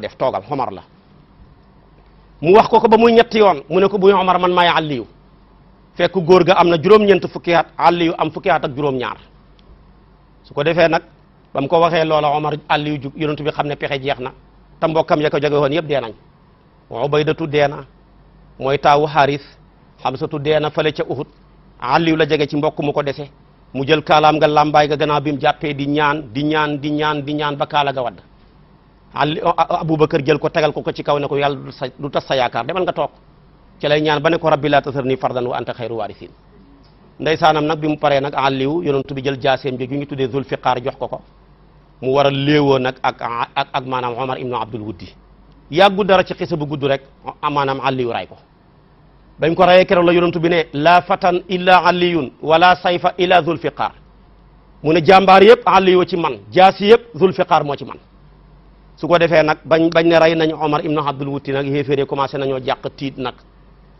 def toogal xomar la mu wax ko ko ba muy ñetti yoon mu ne ko buy xomar man maay àlliyu fekk góor ga am na juróom-ñeent fukki at àlliyu am fukki at ak juróom-ñaar su ko defee nag bam mu ko waxee loola xomar àlliyu jug yonent bi xam ne pexe jeex na te mbokkam ya ko jóge woon yëpp dee bay datu dee na mooy taawu xaaris xamsatu dee na fële ca uhud àlliyu la jege ci mbokk mu ko dese mu jël kaalaam nga làmbaay ga gannaaw bi mu jàppee di ñaan di ñaan di ñaan di ñaan ba kaala ga wadd ali aboubacar jël ko tegal ko ko ci kaw ne ko yàlla du tas sa yaakaar demal nga toog ci lay ñaan ba ne ko rabbi laa tasarni fardan wa anta xayru waarisin ndeysaanam nag bi mu paree nag aliw yonentu bi jël jaaseem jooju ñu tuddee zulfiqaar jox ko ko mu war a léewoo nag ak ak ak maanaam omar ibnu abdul wuddi yàggu dara ci xisa bu gudd rek maanaam aliw ray ko bañ ko rayee keroog la yonentu bi ne laa fatan illa aliyun wala sayfa illa zulfiqaar mu ne jàmbaar yëpp aliw ci man jaasi yëpp zulfiqaar moo ci man su ko defee nag bañ bañ ne rey nañu Omar ibnu Abdul Wuti nag yéeféer commencé nañoo jàq tiit nag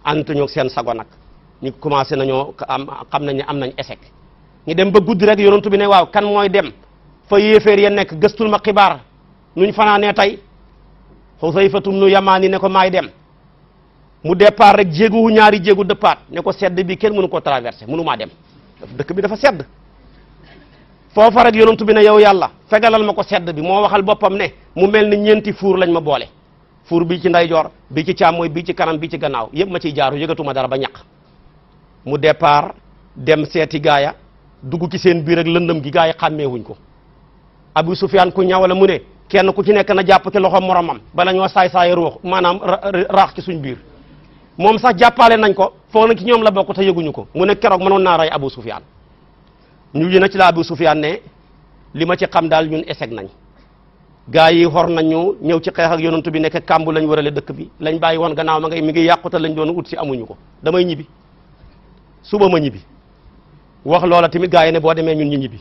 antuñu seen sago nag ñu commencé nañoo am xam nañ ne am nañ échec ñu dem ba guddi rek yonent bi ne waaw kan mooy dem fa yéeféer ya nekk gëstul ma xibaar nuñ fanaanee tey Xusayfatum nu Yamaani ne ko maay dem mu départ rek jéegu ñaari jéegu dëppaat ne ko sedd bi kenn mënu ko traversé mënu maa dem dëkk bi dafa sedd foofa rek yonantu bi ne yow yàlla fegalal ma ko sedd bi moo waxal boppam ne mu mel ni ñeenti fuur lañ ma boole fuur bii ci ndeyjoor bi ci càmmooy bii ci kanam bii ci gannaaw yëpp ma ciy jaaru yëgatuma dara ba ñaq mu départ dem seeti gaaya dugg ci seen biir ak lëndëm gi gaay yi xàmmeewuñ ko Abu Sufyaan ku ñawala mu ne kenn ku ci nekk na jàpp ci loxo moromam bala ñoo saay-saay ruux maanaam raax ci suñ biir moom sax jàppaale nañ ko foog na ci ñoom la bokk ko mu ne keroog mënoon naa Abu Sufyaan ñu li na ci laa bu Sufyaan ne li ma ci xam daal ñun échec nañ gaa yi xor nañu ñëw ci xeex ak yonantu bi nekk kàmb lañ warale dëkk bi lañ bàyyi woon gannaaw ma ngay mi ngi yàquta lañ doon ut si amuñu ko damay ñibbi suba ma ñibbi wax loola tamit gaa yi ne boo demee ñun ñu ñibbi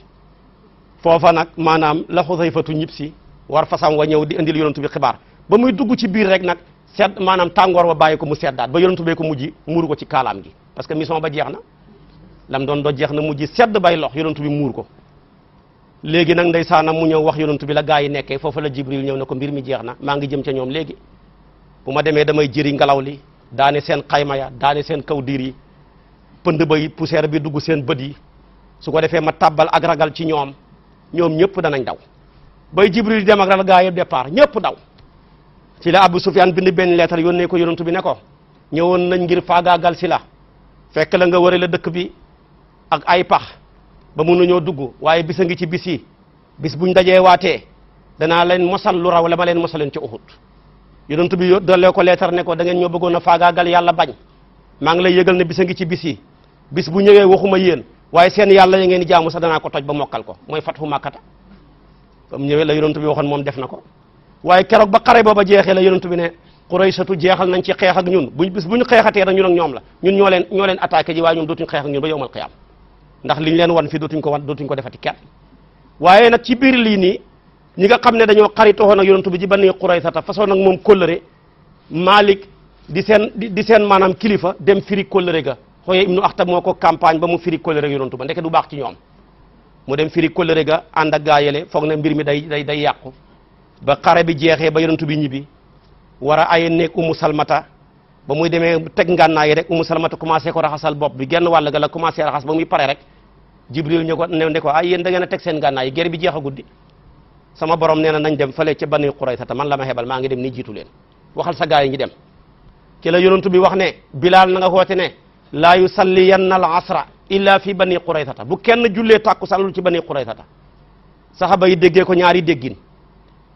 foofa nag maanaam la Xusayfatu ñib si war fasam wa ñëw di indil yonantu bi xibaar ba muy dugg ci biir rek nag sedd maanaam tàngoor wa bàyyi ko mu seddaat ba yonantu bee ko mujj muuru ko ci kaalaam gi parce que mission ba jeex na lam doon doj jeex na mujj sedd bay lox yonentu bi muur ko léegi nag ndeysaanam mu ñëw wax yonentu bi la gaa yi nekkee foofu la jibril ñëw ne ko mbir mi jeex na maa ngi jëm ca ñoom léegi bu ma demee damay jëri ngelaw li daane seen xayma ya daane seen kaw diir yi pënd bay poussière bi dugg seen bët yi su ko defee ma tàbbal ak ragal ci ñoom ñoom ñëpp danañ daw bay jibril dem ak ragal gaa yëpp ñëpp daw ci la Abu Sufyaan bind benn leetar yónnee ko yonentu bi ne ñëwoon nañ ngir faagaagal si la fekk la nga wëre la dëkk bi ak ay pax ba mun nañoo dugg waaye bisa ngi ci bis yi bis buñ dajee waatee danaa leen mosal lu raw la ma leen mosaleen ci Uhud yonent bi ko leetar ne ko da ngeen ñoo bëggoon a faagaagal yàlla bañ maa ngi lay yëgal ne bisa ngi ci bis yi bis bu ñëwee waxuma yéen waaye seen yàlla ya ngeen jaamu sax danaa ko toj ba mokkal ko mooy fat màkkata ba mu ñëwee la yonent bi waxoon moom def na ko waaye keroog ba xare booba jeexee la yonent bi ne Quraysatu jeexal nañ ndax liñ leen wan fi dootuñ ko wan dootuñ ko defati kenn waaye nag ci biir lii nii ñi nga xam ne dañoo xaritoxoon ak yonent bi ci Bani Quraysata façon nag moom kóllëre Malik di seen di seen maanaam kilifa dem firi kóllëre ga xooye ibnu Axtab moo ko campagne ba mu firi kóllëre ga yonent ba ndeke du baax ci ñoom mu dem firi kóllëre ga ànd ak gaa yele foog na mbir mi day day day yàqu ba xare bi jeexee ba yonent bi ñibbi war a aye nekk Umu Salmata ba muy demee teg ngànnaay yi rek umu salamata commencé ko raxasal bopp bi genn wàll ga la commencé raxas ba muy pare rek jibril ñu ko ne ko ay yéen da ngeen teg seen ngànnaay yi guerre bi jeex a guddi sama borom nee na nañ dem fale ca bani qurayta man la ma xebal maa ngi dem ni ji leen waxal sa gaay yi ñu dem ci la yonentu bi wax ne bilaal na nga xoote ne laa yusalliyanna al asra illa fi bani quraytata bu kenn jullee tàkku sanul ci bani quraytata saxaba yi déggee ko ñaari déggin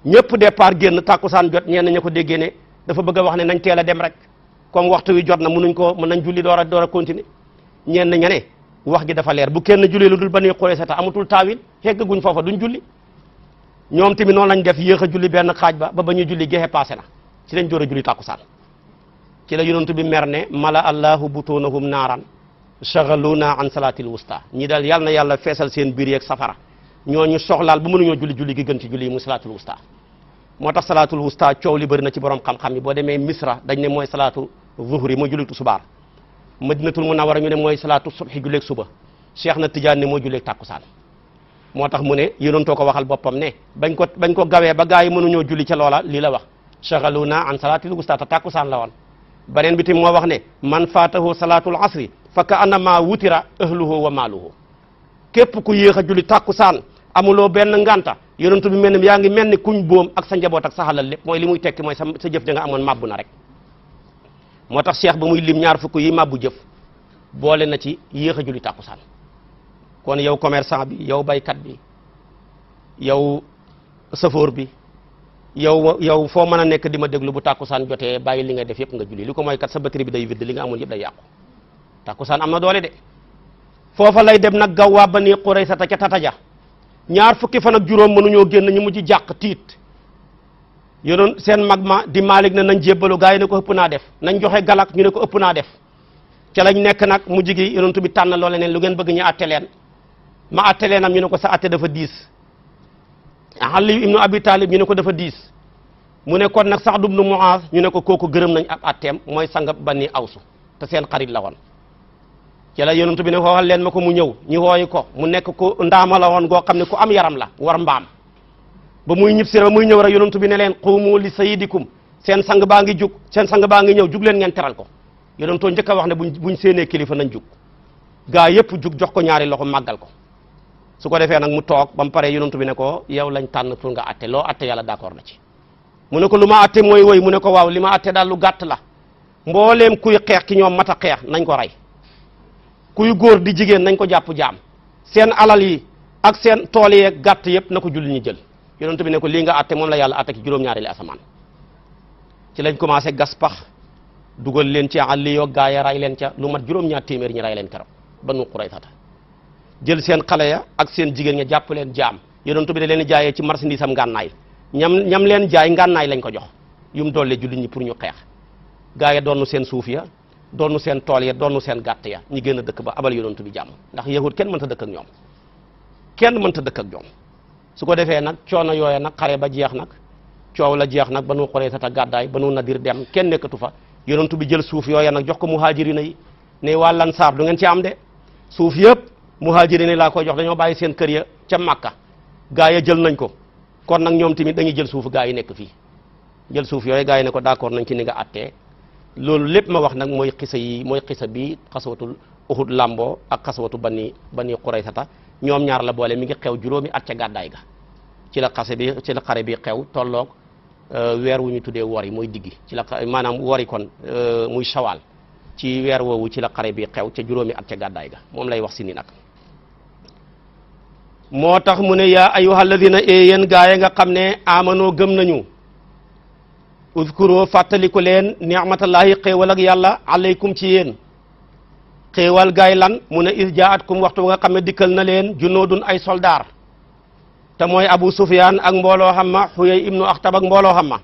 ñëpp départ génn tàkkusaan jot ñenn ña ko déggee ne bëgg wax ne nañ teel a dem rek comme waxtu wi jot na mënuñ ko mën nañ julli door a door ñeen ña ne wax gi dafa leer bu kenn julli lu dul ba Bani Qurayza ta amatul taawil heggaguñ foofa duñ julli ñoom tamit noonu lañ def yéex julli benn xaaj ba ba ba ñu julli gexe passé na ci lañ door a julli tàkkusaan ci la yonent bi mer ne mala allahu butunahum naaran shaghaluna an salatil wusta ñi daal yàlla na yàlla feesal seen biir yeeg safara ñu soxlaal ba mënuñoo julli julli gi gën ci julli yi muy salatul wusta moo ta salatul wusta coow li bari na ci borom xam-xam yi boo demee misra dañ ne mooy salatu zuhri mooy julli tisbaar madinatul na ñu ne mooy salaatu subhi julleeg suba cheikh na tidiane moo mooy julleeg tàkkusaan moo tax mu ne yonentoo ko waxal boppam ne bañ ko bañ ko gawee ba gaa yi mënuñoo julli ca loola lii la wax na an salaatil wusta ta tàkkusaan la woon beneen bi tamit moo wax ne man faata faatahu salaatul asri fa ka annama wutira ahluhu wa maaluhu képp ku yéex a julli amu amuloo benn nganta yonentu bi mel yaa ngi mel ni kuñ boom ak sa njaboot ak sa xalal lépp mooy mooy sa sa jëf ja nga amoon màbbu na moo tax seex ba muy lim ñaar fukk yi maa bu jëf boole na ci yéex a julli tàkkusaan kon yow commerçant bi yow baykat bi yow safoor bi yow yow foo mën a nekk di ma déglu bu tàkkusaan jotee bàyyi li ngay def yëpp nga julli li ko mooy kat sa batterie bi day widd li nga amoon yëpp day yàqu tàkkusaan am na doole de foofa lay dem nag gaw waa Bani Qurayza ta ca tataja ñaar fukki fan ak juróom mënuñoo génn ñu mujj jàq tiit yenoon seen mag ma di Malick ne nañ jébbalu gaa yi ne ko ëpp naa def nañ joxe galak ñu ne ko ëpp naa def ca lañ nekk nag mujj gi yonent bi tànn loole neen lu ngeen bëgg ñu àtte ma àtte leen ñu ne ko sa àtte dafa diis Ali ibnu Abi Talib ñu ne ko dafa diis mu ne kon nag sax dub nu Muaz ñu ne ko kooku gërëm nañ ab àtteem mooy sangab Bani Awsu te seen xarit la woon ca la yonent bi ne xoowal leen ma ko mu ñëw ñu wooyu ko mu nekk ko ndaama la woon goo xam ne ku am yaram la war mbaam ba muy ñib si ba muy ñëw rek yonantu bi ne leen qumu li sayyidikum seen sang baa ngi jug seen sang baa ngi ñëw jug leen ngeen teral ko yonantoo njëkk a wax ne buñ buñ séenee kilifa nañ jug gaa yëpp jug jox ko ñaari loxo màggal ko su ko defee nag mu toog ba mu paree yonantu bi ne ko yow lañ tànn nga atte loo atte yàlla d'accord na ci mu ne ko lu ma atte mooy woy mu ne ko waaw li ma atte daal lu gàtt la mbooleem kuy xeex ki ñoom mata a xeex nañ ko rey kuy góor di jigéen nañ ko jàpp jaam seen alal yi ak seen tool yeeg gàtt yëpp na ko julli ñi jël yonent bi ne ko lii nga atte moom la yàlla àtte ci juróom-ñaareeli asamaan ci lañ commencé gas pax dugal leen ci àll yoo gaa ya ray leen ca lu mat juróom-ñaar téeméer ñi ray leen keroog ba nu xuray tata jël seen xale ya ak seen jigéen ña jàpp leen jaam yonent bi da leen jaayee ci marchandise am ngànnaay ñam ñam leen jaay ngànnaay lañ ko jox yu mu doole jullit ñi pour ñu xeex gaa ya doonu seen suuf ya doonu seen tool ya doonu seen gàtt ya ñi gën a dëkk ba abal yonent bi jàmm ndax yahud kenn mënta dëkk ak ñoom kenn mënta dëkk ak ñoom su ko defee nag coono yooya nag xare ba jeex nag coow la jeex nag ba nu xoree tata gàddaay ba nu nadir dem kenn nekkatu fa yonentu bi jël suuf yooya nag jox ko muhaajirina yi ne waa lansaar du ngeen ci am de suuf yëpp muhaajirina yi laa koy jox dañoo bàyyi seen kër ya ca Makka gaa ya jël nañ ko kon nag ñoom tamit dañuy jël suuf gaa yi nekk fii jël suuf yooyu gaa yi ne ko d'accord nañ ci ni nga attee loolu lépp ma wax nag mooy xisa yi mooy xisa bi xaswatul Uhud làmboo ak xaswatu bani bani Quraysata ñoom ñaar la boole mi ngi xew juróomi at ca gàddaay ga ci la xase bi ci la xare bi xew tolloog euh, weer wu ñu tuddee wori muy diggi ci la maanaam wori kon euh, muy sawaal ci weer woowu ci la xare bi xew ca juróomi at ca gàddaay ga moom lay wax si ni nag moo tax mu ne yaa ayyuhal ladina ee yéen nga xam ne amanoo gëm nañu uzkuru fàttaliku leen ni'matallahi xéewal ak yàlla alaykum ci yéen xéewal gaay lan mu ne is jaatkum waxtu ba xam ne dikkal na leen junnoodun ay soldaar te mooy abu sufyaan ak mbooloo xam ma xuyay ibnu axtab ak mbooloo xam ma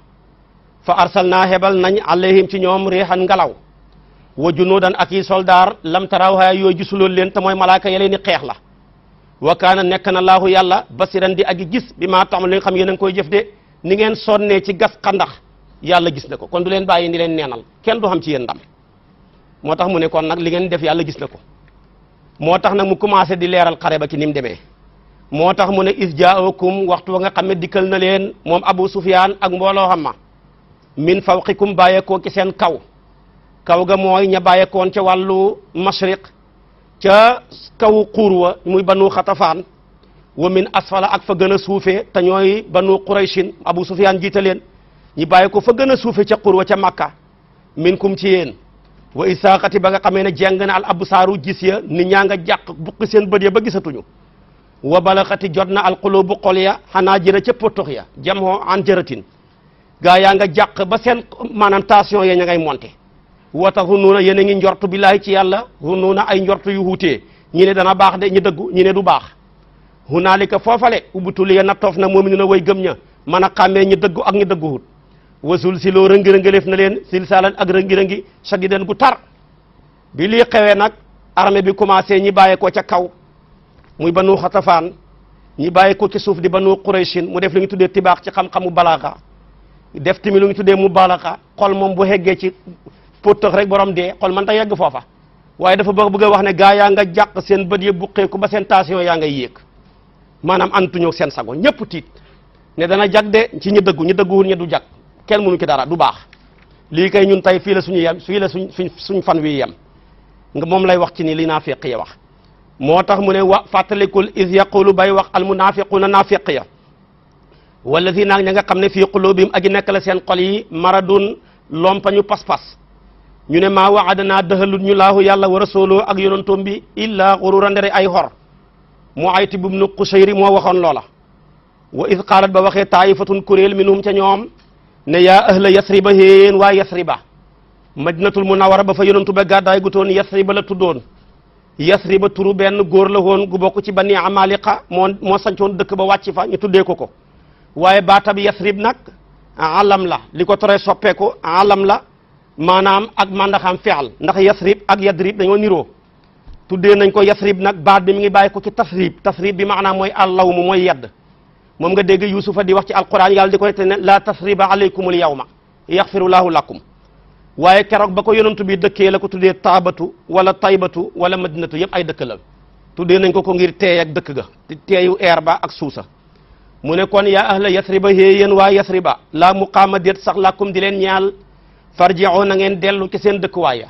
fa arsalnaa hebal nañ alayhim ci ñoom réexan ngelaw wa junoodan ak i soldaar lam yooy yooyu gisuloon leen te mooy malaaka ya leen ni xeex la wa kaana nekk na laahu yàlla basiran di aji gis bi maa taxam li nga xam yéen a koy jëf de ni ngeen sonnee ci gas xandax yàlla gis na ko kon du leen bàyyi ni leen neenal kenn du xam ci yéen ndam moo tax mu ne kon nag li ngeen def yàlla gis na ko moo tax nag mu commencé di leeral xare ba ci ni mu demee moo tax mu ne is jaakum waxtu wa nga xam ne dikkal na leen moom Abu Sufyaan ak mbooloo xam ma min fawqikum bàyyeekoo ki seen kaw kaw ga mooy ña bàyyeekoon ca wàllu mashriq ca kaw xuur wa muy banu xatafaan wa min asfala ak fa gën a suufee te ñooy banu qurayshin Abu Sufyaan jiite leen ñi bàyyi ko fa gën a suufe ca xuur wa ca Makka minkum ci yéen wa isaaqati ba nga xamee ne jeng na al absaaru gis ya ni ñaa nga jàq buqi seen bët ya ba gisatuñu wa balaxati jot na al qulubu xol ya xanaa jëra ca potox ya jamoo an jëratin gaa yaa nga jàq ba seen maanaam tension ya ña ngay monte wata hunuuna yéen a ngi njort billaahi ci yàlla na ay njort yu wuutee ñi ne dana baax de ñu dëggu ñi ne du baax naa hunaalika foofale ubbutuli ya na toof na moom ñu ne way gëm ña mën a xàmmee ñu dëggu ak ñu dëgguwut wasul si loo rëngi-rëngaleef na leen silsaalan ak rëngi-rëngi shadidan gu tar bi lii xewee nag armée bi commencé ñi bàyyee ko ca kaw muy banu xatafaan ñi bàyyi ko ci suuf di ba banu qurayshin mu def lu ñu tuddee tibaax ci xam-xamu balaaxa def tamit lu ñu tuddee mu balaaxa xol moom bu heggee ci potox rek borom dee xol man ta yegg foofa waaye dafa bëgg a wax ne gaa yaa nga jàq seen bët yëpp buqeeku ba seen tension yaa ngay yéeg maanaam antuñoo seen sago ñëpp tiit ne dana jag ci ñu dëggu dëgguwul ñu du jag kenn mënu ci dara du baax lii kay ñun tey fii la suñu yem fii la suñ suñ suñ fan wi yem nga moom lay wax ci ni li naafiq ya wax moo tax mu ne wa fàttalikul is yaqulu bay wax al munaafiquuna naafiq ya wala fii naag ña nga xam ne fii qulubihim aji nekk la seen xol yi maradun lompañu pas-pas ñu ne maa waadanaa dëxalut ñu laahu yàlla wa sooloo ak yonantoom bi illa xurura ndere ay xor mu ayti bub nu xusayri moo waxoon loola wa id qaalat ba waxee taayifatun kuréel minhum ca ñoom ne yaa ahla yasriba yéen waa yasriba madinatul munawara ba fa yonentu ba gàddaay gu toon yasriba la tuddoon yasriba turu benn góor la woon gu bokk ci ba ni bani amaliqa moo moo sancoon dëkk ba wàcc fa ñu tuddee ko ko waaye baatab yasrib nag alam la li ko toree soppeeku alam la maanaam ak mandaxam fial ndax yasrib ak yadrib dañoo niroo tuddee nañ ko yasrib nag baat bi mu ngi bàyyi ko ci tasrib tasrib bi maanaam mooy àllawmu mooy yedd moom nga dégg yusufa di wax ci alquran yàlla di ko ne laa tasriba aleykumul yawma yaxfirullahu lakum waaye keroog ba ko yonantu bi dëkkee la ko tuddee taabatu wala taybatu wala madinatu yëpp ay dëkk la tuddee nañ ko ko ngir teey ak dëkk ga teeyu eer ba ak suusa mu ne kon yaa ahla yasriba xée yéen waa yasriba laa muqaama déet sax lakum di leen ñaal farji'u na ngeen dellu ci seen dëkkuwaay ya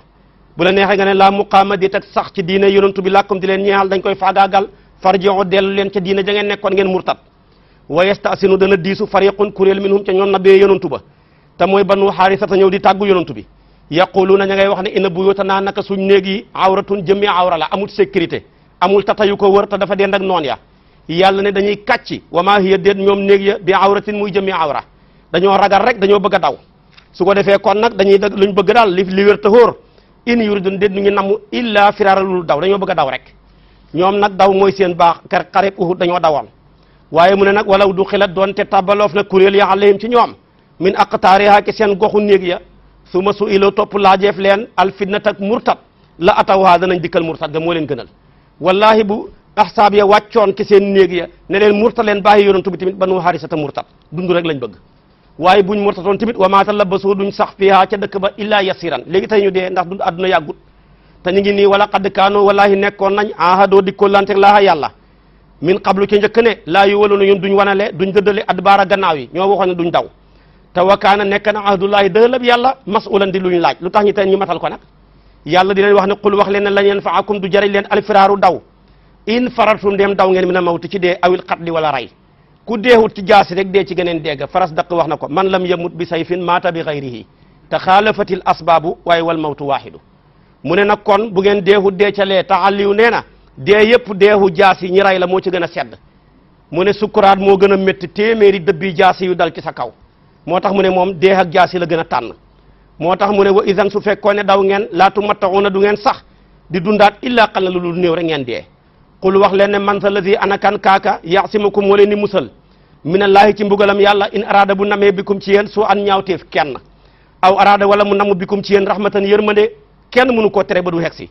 bu la neexee nga ne laa muqaama déet ak sax ci diine yonantu bi lakum di leen ñaal dañ koy faagaagal farji'u dellu leen ca diine ja ngeen nekkoon ngeen murtat wa yastaasinu dana diisu fariqun kuréel minhum ca ñoom nabee yonantu ba te mooy banu xaarisata ñëw di tàggu yonantu bi na ña ngay wax ne inna buyutanaa naka suñ néeg yi awratun jëmmi awra la amut sécurité amul tata yu ko wër te dafa dend ak noon ya yàlla ne dañuy kàcci wa maa hiya déet ñoom néeg ya bi awratin muy jëmmi awra dañoo ragal rek dañoo bëgg a daw su ko defee kon nag dañuy dëgg luñ bëgg daal li li wér te xóor in yuridun déet ñu ngi namm illa firaara lul daw dañoo bëgg a daw rek ñoom nag daw mooy seen baax xareb Uhud dañoo dawoon waaye mu ne nag walaw du xilat doonte tabaloof na kuréel ya alayhim ci ñoom min aqtaariha ki seen goxu néeg ya su ma su ilo topp laajeef leen al fitnat ak murtad la atawhaa danañ dikkal murtad ga moo leen gënal wallahi bu ahsaab ya wàccoon ki seen néeg ya ne leen murtad leen bàyyi yonantu bi tamit banu harisata murtad dund rek lañ bëgg waaye bu buñ murtatoon tamit wa maa talabasuu duñ sax fiihaa ca dëkk ba illaa yasiran léegi tey ñu dee ndax dund àdduna yàggut te ñu ngi nii wala qad kaanoo wallaahi nekkoon nañ ahadoo dikkoon lanteeg laaha yàlla min qablu ca njëkk ne laa yu walu na ñun duñ wanale duñ dëddale adbaara gannaaw yi ñoo waxoon ne duñ daw te wakaana nekk na ahdullahi dëlab yàlla masulan di ñu laaj lu tax ñi teen ñu matal ko nag yàlla di leen wax ne qul wax leen ne lan yanfaakum du jariñ leen alfiraaru daw in faratum dem daw ngeen min a mawti ci dee awil xatli wala ray ku dee deewut ci jaasi rek dee ci geneen dégg faras daq wax na ko man lam yamut bi sayfin maata bi xayrihi te xaalafatil asbaabu waaye wal mawtu waaxidu mu ne nag kon bu ngeen deewut dee ca lee taxalliw nee na dee yëpp deewu jaas yi ñi rey la moo ci gën a sedd mu ne sukkuraat moo gën a métti téeméeri dëbbi jaas yu dal ci sa kaw moo tax mu ne moom dee ak jaas yi la gën a tànn moo tax mu ne wa isan su fekkoo ne daw ngeen laatu mattaxuuna du ngeen sax di dundaat illaa xala lu lu néew rek ngeen dee qul wax leen ne man sa lazi anakan kaaka yaasimukum moo leen ni musal minallaahi ci mbugalam yàlla in araada bu namee bikum ci yéen su an ñaawteef kenn aw araada wala mu namu bikum ci yéen rahmatan yërmande kenn mënu koo tere ba du hegsi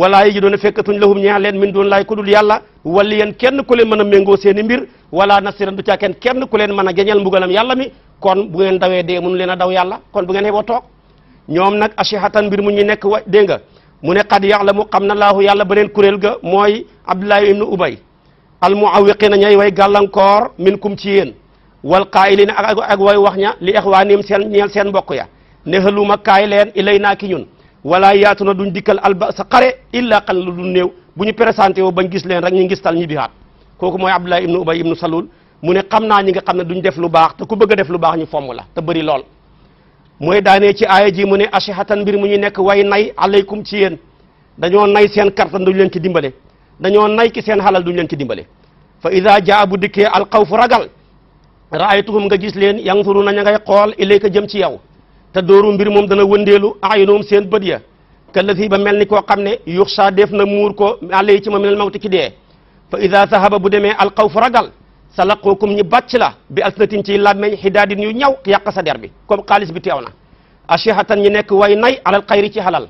walaa yajiduuna fekkatuñ lahum ñeex leen min doon laay ku dul yàlla wali yeen kenn ku leen mën a méngoo seen i mbir wala nasiran du kenn kenn ku leen mën a jañal mbugalam yàlla mi kon bu ngeen dawee dee mënu leen a daw yàlla kon bu ngeen xeboo toog ñoom nag asihatan mbir mu ñu nekk wa dégg nga mu ne qad ya'lamu xam na laahu yàlla beneen kuréel ga mooy abdullahi ibnu ubay almuawiqina ñay way gàllankoor min kum ci yéen wal qaa'ilina ak ak way wax ña li ixwaanihim seen ñeel mbokk ya ne haluma kaay leen ilay naa ki ñun wala yaatu na duñ dikkal alba sa xare illa xal la du néew bu ñu présenté woo bañ gis leen rek ñu ngistal ñi bihaat kooku mooy Abdullah ibnu Ubay ibnu Salul mu ne xam naa ñi nga xam ne duñ def lu baax te ku bëgg def lu baax ñu fomm la te bëri lool mooy daanee ci aaya ji mu ne ashihatan mbir mu ñu nekk way nay aleykum ci yéen dañoo nay seen kartan duñ leen ci dimbale dañoo nay ki seen xalal duñ leen ci dimbale fa ida jaa bu dikkee alxawfu ragal raaytuhum nga gis leen yanzuru na ngay xool ilayka jëm ci yow te dooru mbir moom dana wëndeelu ayunoom seen bët ya kallati ba mel ni koo xam ne yuxsa def na muur ko alay ci ma minal mawti ci dee fa ida sahaba bu demee alxawfu ragal sa laqookum ñi bàcc la bi alsinatin ciy làmmeñ xidaadin yu ñaw yàq sa der bi comme xaalis bi teew na achihatan ñi nekk way nay alal xayri ci xalal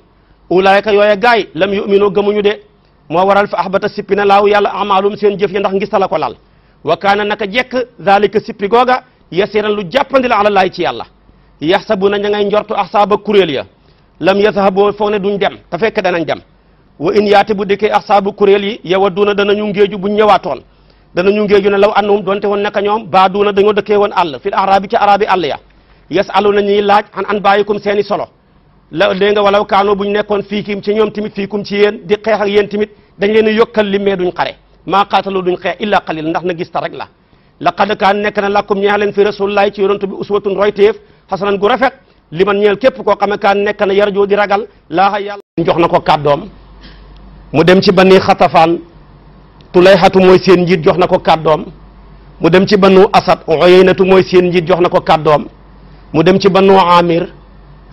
ulaayka yooye gaay lam yuminoo gëmuñu de moo waral fa ahbata sippi na laaw yàlla amaalum seen jëf yi ndax ngis tala ko lal wa kaana naka jekk zalika sippi googa yasiran lu jàppandi la ala laay ci yàlla yaxsabuna ña ngay njortu axsaaba kuréel ya lam yadhabu foog ne duñ dem te fekk danañ dem wa in yaati bu dikkee axsaabu kuréel yi yow a duuna danañu ngéeju buñ ñëwaatoon danañu ngéeju ne law annahum doonte woon naka ñoom baa duuna dañoo dëkkee woon àll fil arabi ci arabi àll ya yasaluna ñuy laaj an an bàyyikum seen i solo la dégg nga walaw bu buñ nekkoon fiikim ci ñoom tamit fiikum ci yéen di xeex ak yéen tamit dañ leen yokkal li mee xare maa qaatalu duñ xeex illa qalil ndax na gis rek la laqad kaan nekk na lakum ñeex leen fi rasulillahi ci yonent bi uswatun royteef xasanan gu rafet li man ñeel képp koo xame kaan nekk na yarjoo di ragal laaha yàlla jox na ko kàddoom mu dem ci ba bani xatafaan tulayxatu mooy seen njiit jox na ko kàddoom mu dem ci banu asad oyeynatu mooy seen njiit jox na ko kàddoom mu dem ci banu amir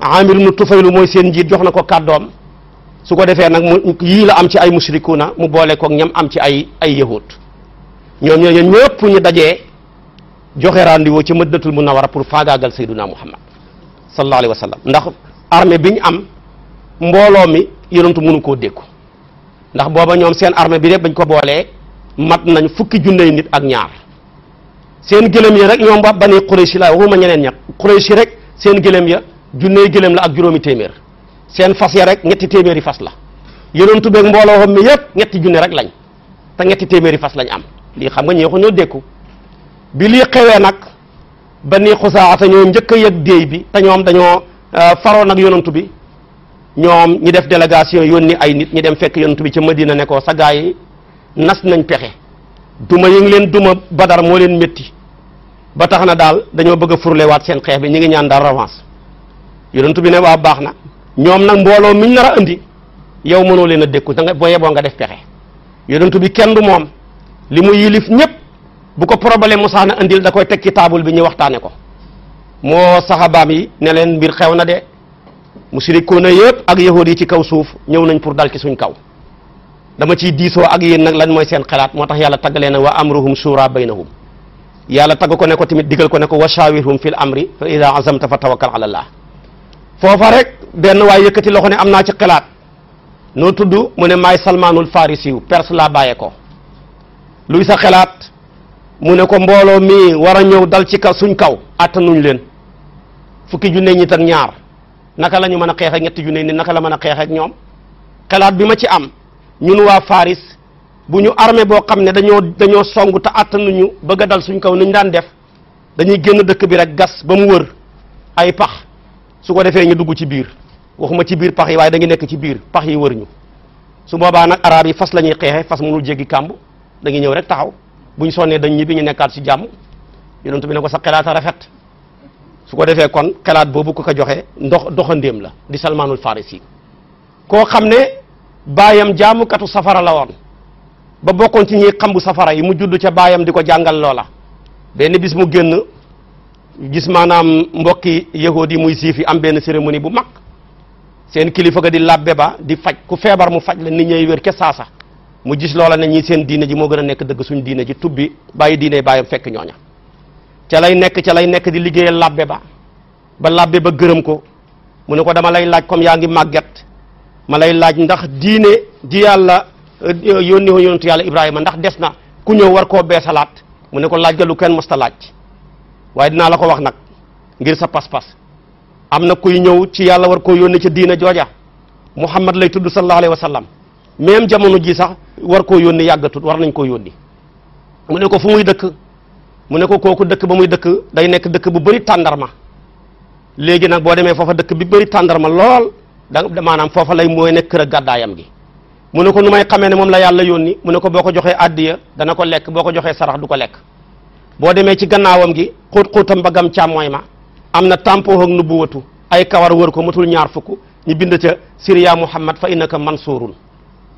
amir nu tufaylu mooy seen njiit jox na ko kàddoom su ko defee nag mu yii am ci ay mushrikuuna mu boole kook ñam am ci ay ay yahud ñoom ñoo ñëpp ñu dajee joxe rendez-vous ci madinatul munawara pour faagaagal sayduna muhammad sallallahu alayhi wa sallam ndax armée bi ñu am mbooloo mi yonentu mënu koo dékku ndax booba ñoom seen armée bi rek bañ ko boolee mat nañ fukki junney nit ak ñaar seen gëlëm ya rek ñoom ba bani Quraysh la waxuma ñeneen ña Quraysh rek seen gëlëm ya junney gëlëm la ak juróomi téeméer seen fas ya rek ñetti téeméeri fas la yonentu beeg mbooloo xam mi yëpp ñetti junne rek lañ te téeméeri fas lañ am lii xam nga ñeexu ñoo dékku bi lii xewee nag ba nii xusaata ñoo njëkk a yëg déey bi te ñoom dañoo euh, faroo nag yonantu bi ñoom ñi def yoon yónni ay nit ñi dem fekk yonantu bi ci Madina ne ko sa gaa yi nas nañ pexe duma yi ngi leen duma badar moo leen métti ba tax na daal dañoo bëgg a waat seen xeex bi ñu ngi ñaan daal revanche yonantu bi ne waa baax na ñoom nag mbooloo miñ nar a indi yow mënoo leen dékku da boo yeboo nga def pexe yonantu bi kenn moom li mu yilif ñëpp bu ko probalee mu sax na indil da koy teg ci taabul bi ñu waxtaane ko moo saxabaam yi ne leen mbir xew na de na yëpp ak yahood yi ci kaw suuf ñëw nañ pour dal ci suñ kaw dama ciy diisoo ak yéen nag lan mooy seen xalaat moo tax yàlla taggalee na wa amruhum shura baynahum yàlla tagg ko ne ko tamit digal ko ne ko wa shawirhum fil amri fa ida azamta fa tawakkal ala allah foofa rek benn waay yëkkati loxo ne am naa ci xalaat noo tudd mu ne maay salmaanul farisiyu perse laa bàyyee ko luy sa xalaat mu ne ko mbooloo mii war a ñëw dal ci kaw suñ kaw attanuñ leen fukki junne ñi ak ñaar naka lañu ñu mën a xeex ñetti junne ni naka la mën a xeex ñoom xalaat bi ma ci am ñun waa Faris bu ñu armee boo xam ne dañoo dañoo song te attanuñu bëgg a dal suñ kaw nuñ daan def dañuy génn dëkk bi rek gas ba mu wër ay pax su ko defee ñu dugg ci biir waxuma ci biir pax yi waaye dañu nekk ci biir pax yi wër ñu su boobaa nag arab yi fas la ñuy xeexe fas mënul jéggi kàmb da ñëw rek taxaw bu ñu sonnee dañ ñibbi ñu nekkaat ci jàmm yonent bi ne ko sa xelaat rafet su ko defee kon xelaat boobu ko ko joxe ndox doxandéem la di salmaanul farisi koo xam ne baayam jàmmukatu safara la woon ba bokkoon ci ñuy xambu safara yi mu judd ca baayam di ko jàngal loola benn bis mu génn gis maanaam mbokki yahood yi muy siif yi am benn cérémonie bu mag seen kilifa ga di labbe ba di faj ku feebar mu faj la nit ñay wér ke saasa mu jis loola ne ñi seen diine ji moo gën a nekk dëgg suñ diine ji tubbi bàyyi diine bàyyam fekk ñooña ca lay nekk ca lay nekk di liggéeyal labbe ba ba làbbe ba gërëm ko mu ne ko dama lay laaj comme yaa ngi màgget ma lay laaj ndax diine ji yàlla euh, yónni woon yonentu yàlla Ibrahima ndax des na ku ñëw war koo beesalaat mu ne ko laaj ga lu kenn mosta laaj waaye dinaa la ko wax nag ngir sa pas-pas am na kuy ñëw ci yàlla war koo yónni ca diine jooja Muhammad lay tudd sallallahu alayhi wa sallam même jamono ji sax war koo yónni yàggatut war nañ koo yónni mu ne ko fu muy dëkk mu ne ko kooku dëkk ba muy dëkk day nekk dëkk bu bëri tàndarma léegi nag boo demee foofa dëkk bi bëri tàndarma lool da maanaam foofa lay mooy nekk kër a gàddaayam gi mu ne ko nu may xamee ne moom la yàlla yónni mu ne ko boo ko joxee addiya dana ko lekk boo ko joxee sarax du ko lekk boo demee ci gannaawam gi xuut-xuutam ba gam càmmooy ma am na tampoo ak nubbuwatu ay kawar wër ko matul ñaar fukk ñu bind ca siriya muhammad fa innaka mansurun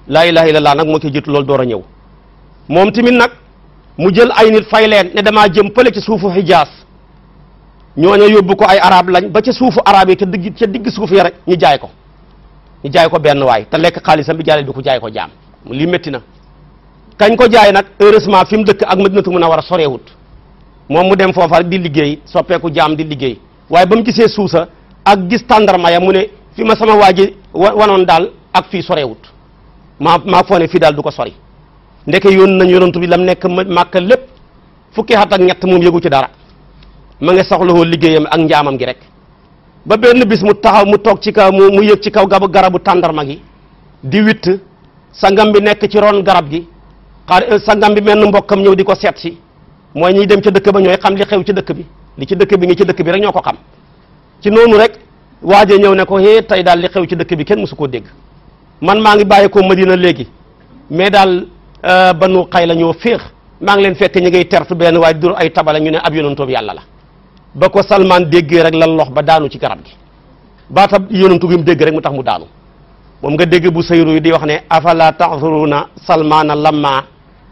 laa ilaha laa nag moo ci jiitu loolu door a ñëw moom tamit nag mu jël ay nit fay leen ne damaa jëm pële ci suufu xijaas ñooñu yóbbu ko ay arab lañ ba ca suufu arab yi ca digg ca digg suuf ya rek ñu jaay ko ñu jaay ko benn waay te lekk xaalisam bi jaale di ko jaay ko jaam li métti na kañ ko jaay nag heureusement fi mu dëkk ak Madinatu Munawwara sorewut moom mu dem foofa di liggéey soppeeku jaam di liggéey waaye ba mu gisee suusa ak gis tàndarma ya mu ne fi ma sama waa ji wanoon daal ak fii sorewut maa maa foone fii daal du ko sori ndeke yoon nañ yonantu bi lam nekk màkka lépp fukki at ak ñett moom yëgu ci dara ma nga soxlawoo liggéeyam ak njaamam gi rek ba benn bis mu taxaw mu toog ci kaw mu yëg ci kaw gabu garabu tàndarma gi di witt sangam bi nekk ci roon garab gi xaar euh, sangam bi menn mbokkam ñëw di ko seet si mooy ñiy dem ca dëkk ba ñooy xam li xew ci dëkk bi li ci dëkk bi ngi ci dëkk bi rek ñoo ko xam ci noonu rek waaje ñëw ne ko hee tey daal li xew ci dëkk bi kenn mësu koo dégg man maa ngi bàyyeekoo Madina léegi mais daal euh, banu xay la ñoo féex maa ngi leen fekk ñu ngay tertu benn waaye dur ay tabala ñu ne ab yonantoob yàlla la ba ko Salman déggee rek lan lox ba daanu ci garab gi baatab yonantu gi mu dégg rek mu tax mu daanu moom nga dégg bu sayru yi di wax ne afala na salmaana lamma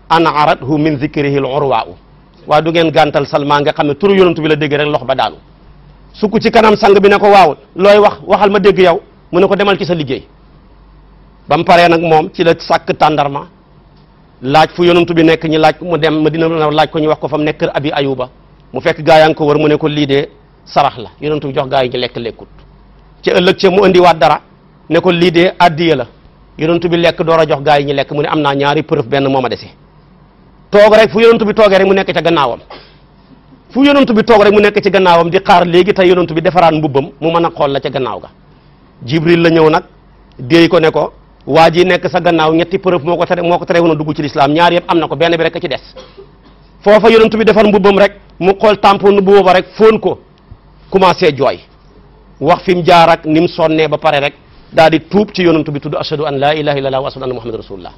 an arathu min zikrihi l urwa u waaye du ngeen gàntal salman nga xam ne turu bi la dégg rek lox ba daanu sukk ci kanam sang bi ne ko waaw looy wax waxal ma dégg yow mu ne ko demal ci sa liggéey ba mu paree nag moom ci la sàkk tàndarma laaj fu yonantu bi nekk ñi laaj mu dem ma dina laaj ko ñu wax ko fa mu nekk kër abi ayuba mu fekk gaa yaa ngi ko war mu ne lii de sarax la yonantu bi jox gaa yi ñu lekk lekkut ci ëllëg ca mu indiwaat dara ne lii de addiya la yonantu bi lekk door a jox gaa yi ñu lekk mu ne am naa ñaari preuve benn moom ma dese toog rek fu yonantu bi toogee rek mu nekk ca gannaawam fu yonantu bi toog rek mu nekk ci gannaawam di xaar léegi tey yonantu bi defaraat mbubbam mu mën a xool la ca gannaaw ga jibril la ñëw nag déey ko ne ko waa ji nekk sa gannaaw ñetti preuve moo ko tere moo ko tere woon a dugg ci lislaam ñaar yëpp am na ko benn bi rek a ci des foofa yonent bi defar mbubbam rek mu xool tampon bu ba rek fóon ko commencé jooy wax fi mu jaar ak ni mu sonnee ba pare rek daal di tuub ci yonent bi tudd ashadu an laa ilaha illallah wa ashadu anna muhammad rasulullah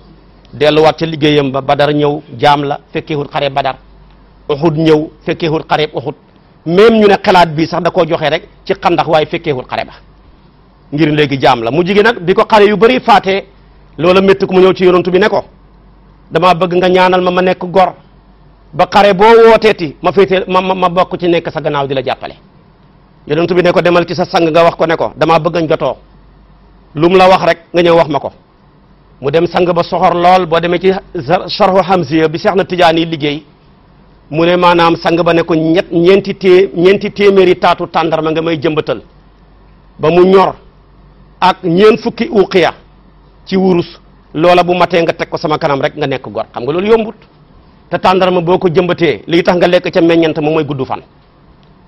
delluwaat ca liggéeyam ba badar ñëw jaam la fekkee fekkeewut xare badar uxud ñëw fekkee fekkeewut xare uxud même ñu ne xalaat bi sax da koo joxe rek ci xandax waaye fekkeewut xare ba ngir léegi jaam la mu jigi nag bi ko xare yu bëri faatee loola métti mu ñëw ci yonantu bi ne ko damaa bëgg nga ñaanal ma ma nekk gor ba xare boo wooteeti ma féetee ma ma bokk ci nekk sa gannaaw di la jàppale yonantu bi ne ko demal ci sa sang nga wax ko ne ko damaa bëgg jotoo lu mu la wax rek nga ñëw wax ma ko mu dem sang ba soxor lool boo demee ci sa sharhu Hamziya bi Seex na Tijaan yi liggéey mu ne maanaam sang ba ne ko ñett ñeenti té ñeenti téeméeri taatu tàndarma nga may jëmbatal ba mu ñor ak ñeent fukki uqiya ci wurus loola bu matee nga teg ko sama kanam rek nga nekk gor xam nga loolu yombut te tàndarma boo ko jëmbatee lii tax nga lekk ca meññant moom mooy gudd fan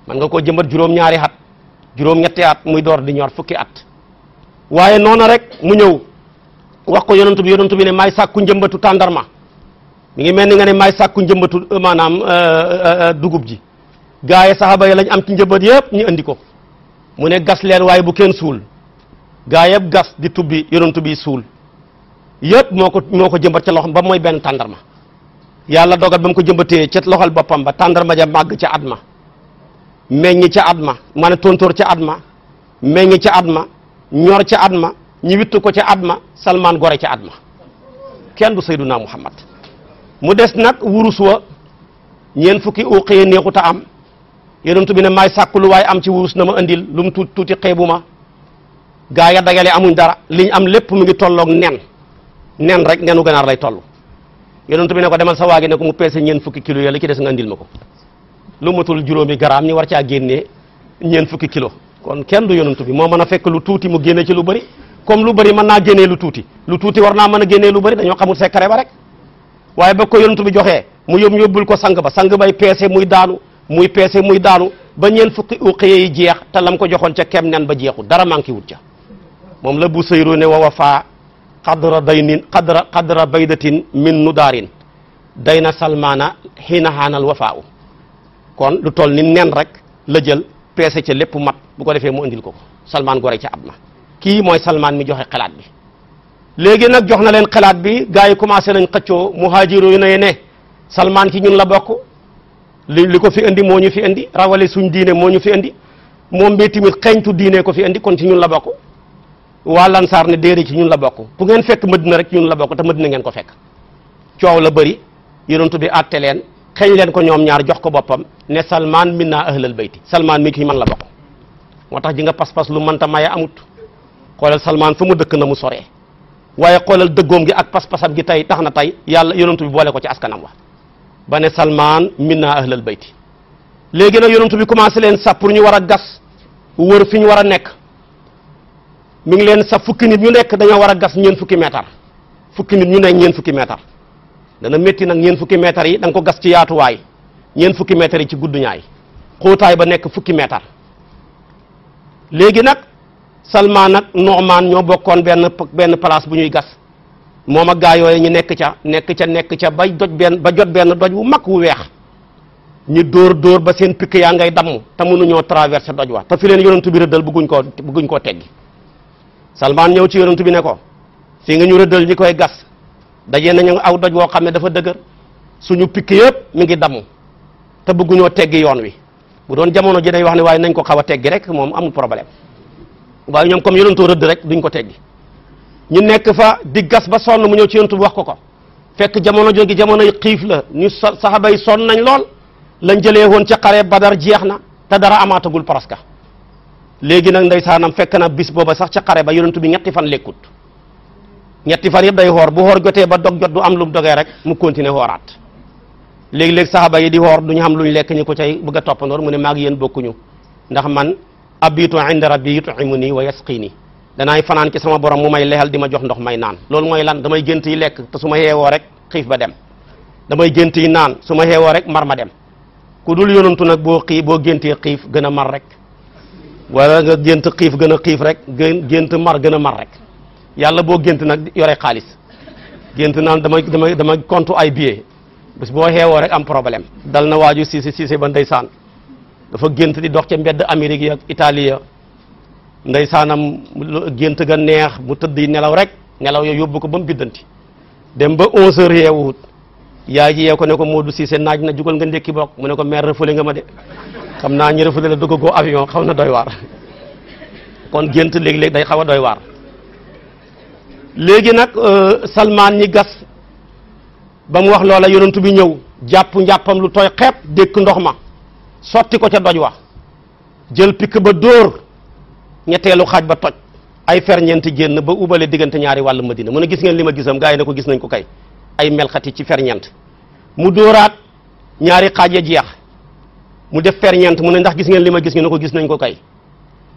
man nga koo jëmbat juróom-ñaari at juróom-ñetti at muy door di ñor fukki at waaye noona rek mu ñëw wax ko yonantu bi yonantu bi ne maay sàkku njëmbatu tàndarma mi ngi mel ni nga ne may sàkku njëmbatu euh, maanaam euh, euh, dugub ji gaa yi saxaaba yi lañ am ci njëmbat yëpp ñu andi ko mu ne gas leen waaye bu kenn suul gaa yëpp gas di tubbi yonent bi suul yëpp moo ko moo ko jëmbat ca loxam ba mooy benn tàndarma yàlla dogal ba mu ko jëmbatee ca loxol boppam ba tàndarma ja màgg ca at ma meññ ca at ma maanaam tontóor ca at ma meññ ca at ma ñor ca at ma ñu wittu ko ca at ma salmaan gore ca at ma kenn du sayduna muhammad mu des nag wurus wa ñeent fukki uqiye ta am yonent bi na maay sàkku lu waaye am ci wurus na ma andil lu mu tuuti tuuti xeebu ma gaa ya dagale amuñ dara liñ am lépp mu ngi tolloog nen nen rek nenu ganaar lay toll yonent bi ne ko demal sa waagi ne ko mu peese ñeen fukki kilo ya li ci des nga andil ma ko lu matul juróomi garaam ñu war caa génnee ñeen fukki kilo kon kenn du yonent bi moo mën a fekk lu tuuti mu génne ci lu bëri comme lu bëri mën naa génnee lu tuuti lu tuuti war naa mën a génnee lu bëri dañoo xamul secret ba rek waaye ba ko yonent bi joxee mu yób yóbbul ko sang ba sang bay peese muy daanu muy peese muy daanu ba ñeen fukki uqiye yi jeex te lam ko joxoon ca kem nen ba jeexul dara manqué wut ca moom la bu sayru ne wa wafa qadra daynin qadra qadra baydatin min nudaarin dayna salmaana xiina xaanal wafa u kon lu toll ni nen rek la jël peese ca lépp mat bu ko defee mu indil ko salmaan gore ca ab ma kii mooy salmaan mi joxe xalaat bi léegi nag jox na leen xalaat bi gars yi commencé nañ xëccoo muhaajiru yu ne ne salmaan ci ñun la bokk li li ko fi indi moo ñu fi indi rawale suñ diine moo ñu fi indi moom bi tamit xeeñtu diine ko fi indi kon ci ñun la bokk waa lansaar ne déedéet ci ñun la bokk bu ngeen fekk madina rek ci ñun la bokk te madina ngeen ko fekk coow la bëri yonentu bi àtte leen xeeñ leen ko ñoom ñaar jox ko boppam ne salman min naa ahlal bayti salman mi man la bokk moo tax ji nga pas-pas lu mënta maye amut xoolal salman fa mu dëkk na mu soree waaye xoolal dëggoom gi ak pas-pasam gi tey tax na tey yàlla yonentu bi boole ko ci askanam wa ba ne salman min naa ahlal bayti léegi nag yonentu bi commencé leen sax pour ñu war a gas wër fi ñu war a nekk mi ngi leen sa fukki nit ñu nekk dañoo war a gas ñeen fukki meetar fukki nit ñu ne ñeen fukki meetar dana métti nag ñeen fukki meetar yi da ko gas ci yaatuwaay ñeen fukki meetar yi ci gudd ñaay xóotaay ba nekk fukki meetar léegi nag Salmaan nag Noomaan ñoo bokkoon benn benn place bu ñuy gas moom ak gaa yooyu ñu nekk ca nekk ca nekk ca ba doj benn ba jot benn doj wu mag wu weex ñu dóor dóor ba seen pikk yaa ngay damm te mënuñoo traversé doj wa te fi leen yonentu bi rëddal bëgguñ koo bëgguñ koo teggi Salmaan ñëw ci yonent bi ne ko fii nga ñu rëddal ñu koy gas dajee nañu aw doj woo xam ne dafa dëgër suñu pikk yëpp mi ngi damm te bëgguñoo teggi yoon wi bu doon jamono ji day wax ne waaye nañ ko xaw a teggi rek moom amul problème waaye ñoom comme yonentoo rëdd rek duñ ko teggi ñu nekk fa di gas ba sonn mu ñëw ci yonent bi wax ko ko fekk jamono joogi jamono yi xiif la ñu saxaba yi sonn nañ lool lañ jëlee woon ca xare Badar jeex na te dara amaatagul presque léegi nag ndeysaanam fekk na bis booba sax ca xare ba yonentu bi ñetti fan lekkut ñetti fan yëpp day xoor bu xoor jotee ba dog jot du am lu mu dogee rek mu continuer léeg léeg léegi ba yi di xoor duñu xam luñ lekk ñu ko cay bugga a toppandoor mu ne maag yéen bokkuñu ndax man abitu inda rabbi yut'imu nii wa yasqini danaay fanaan ci sama borom mu may leexal di ma jox ndox may naan loolu mooy lan damay gént yi lekk te su ma yeewoo rek xiif ba dem damay gént yi naan su ma yeewoo rek mar ma dem ku dul nag boo xii boo géntee xiif gën a mar rek wala nga gént xiif gën a xiif rek gént mar gën a mar rek yàlla boo gént nag yore xaalis gént naan dama damay damay compte ay billets bés boo xeewoo rek am problème dal na waaju siise siise ba ndeysaan dafa gént di dox ca mbedd Amérique yi ak Italie saanam gént ga neex mu tëdd yi nelaw rek nelaw yooyu yóbbu ko ba mu biddanti dem ba 11h yeewut yaay ji yee ko ne ko Modou Cissé naaj na jugal nga ndékki bok mu ne ko mère rëfale nga ma de xam naa ñu refu ne la duggagoo avion xaw na doy waar kon gént léegi-léegi day xaw a doy waar léegi nag euh, salmaan ñi gas ba mu wax loola yonentu bi ñëw jàpp njàppam lu tooy xeeb dëkk ndox ma sotti ko ca doj wa jël pikk ba dóor ñetteelu xaaj ba toj ay ferñeent génn ba ubale diggante ñaari ma madina mu ne gis ngeen li ma gisam gaa yi ko gis nañ ko kay ay melxati ci ferñeent mu dóoraat ñaari xaaj ya jeex mu def ferñeent mu ne ndax gis ngeen li ma gis ñu ne ko gis nañ ko kay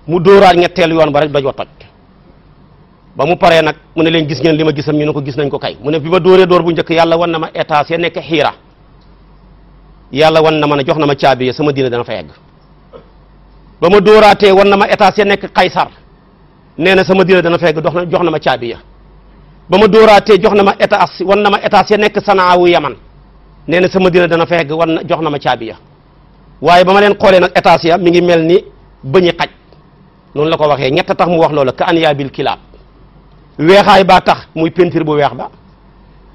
mu dóoraat ñetteel yoon ba rek doj wa toj ba mu paree nag mu ne leen gis ngeen li ma gisam ñu ne ko gis nañ ko kay mu ne bi ma dóoree dóor bu njëkk yàlla wan na ma état ya nekk xiira yàlla wan na ma ne jox na ma caabi sama diina dana fa yegg ba ma dóoraatee wan na ma état ya nekk Qaysar nee na sama diina dana fa dox na jox na ma caabi ya ba ma dóoraatee jox na ma état wan na ma état nekk Sanaa wu Yaman nee na sama diina dana fa yegg wan na jox na ma caabiya waaye ba ma leen xoolee nag étage ya mi ngi mel ni bëñi xaj noonu la ko waxee ñett tax mu wax loola ka an yaa kilaab weexaay baa tax muy peinture bu weex ba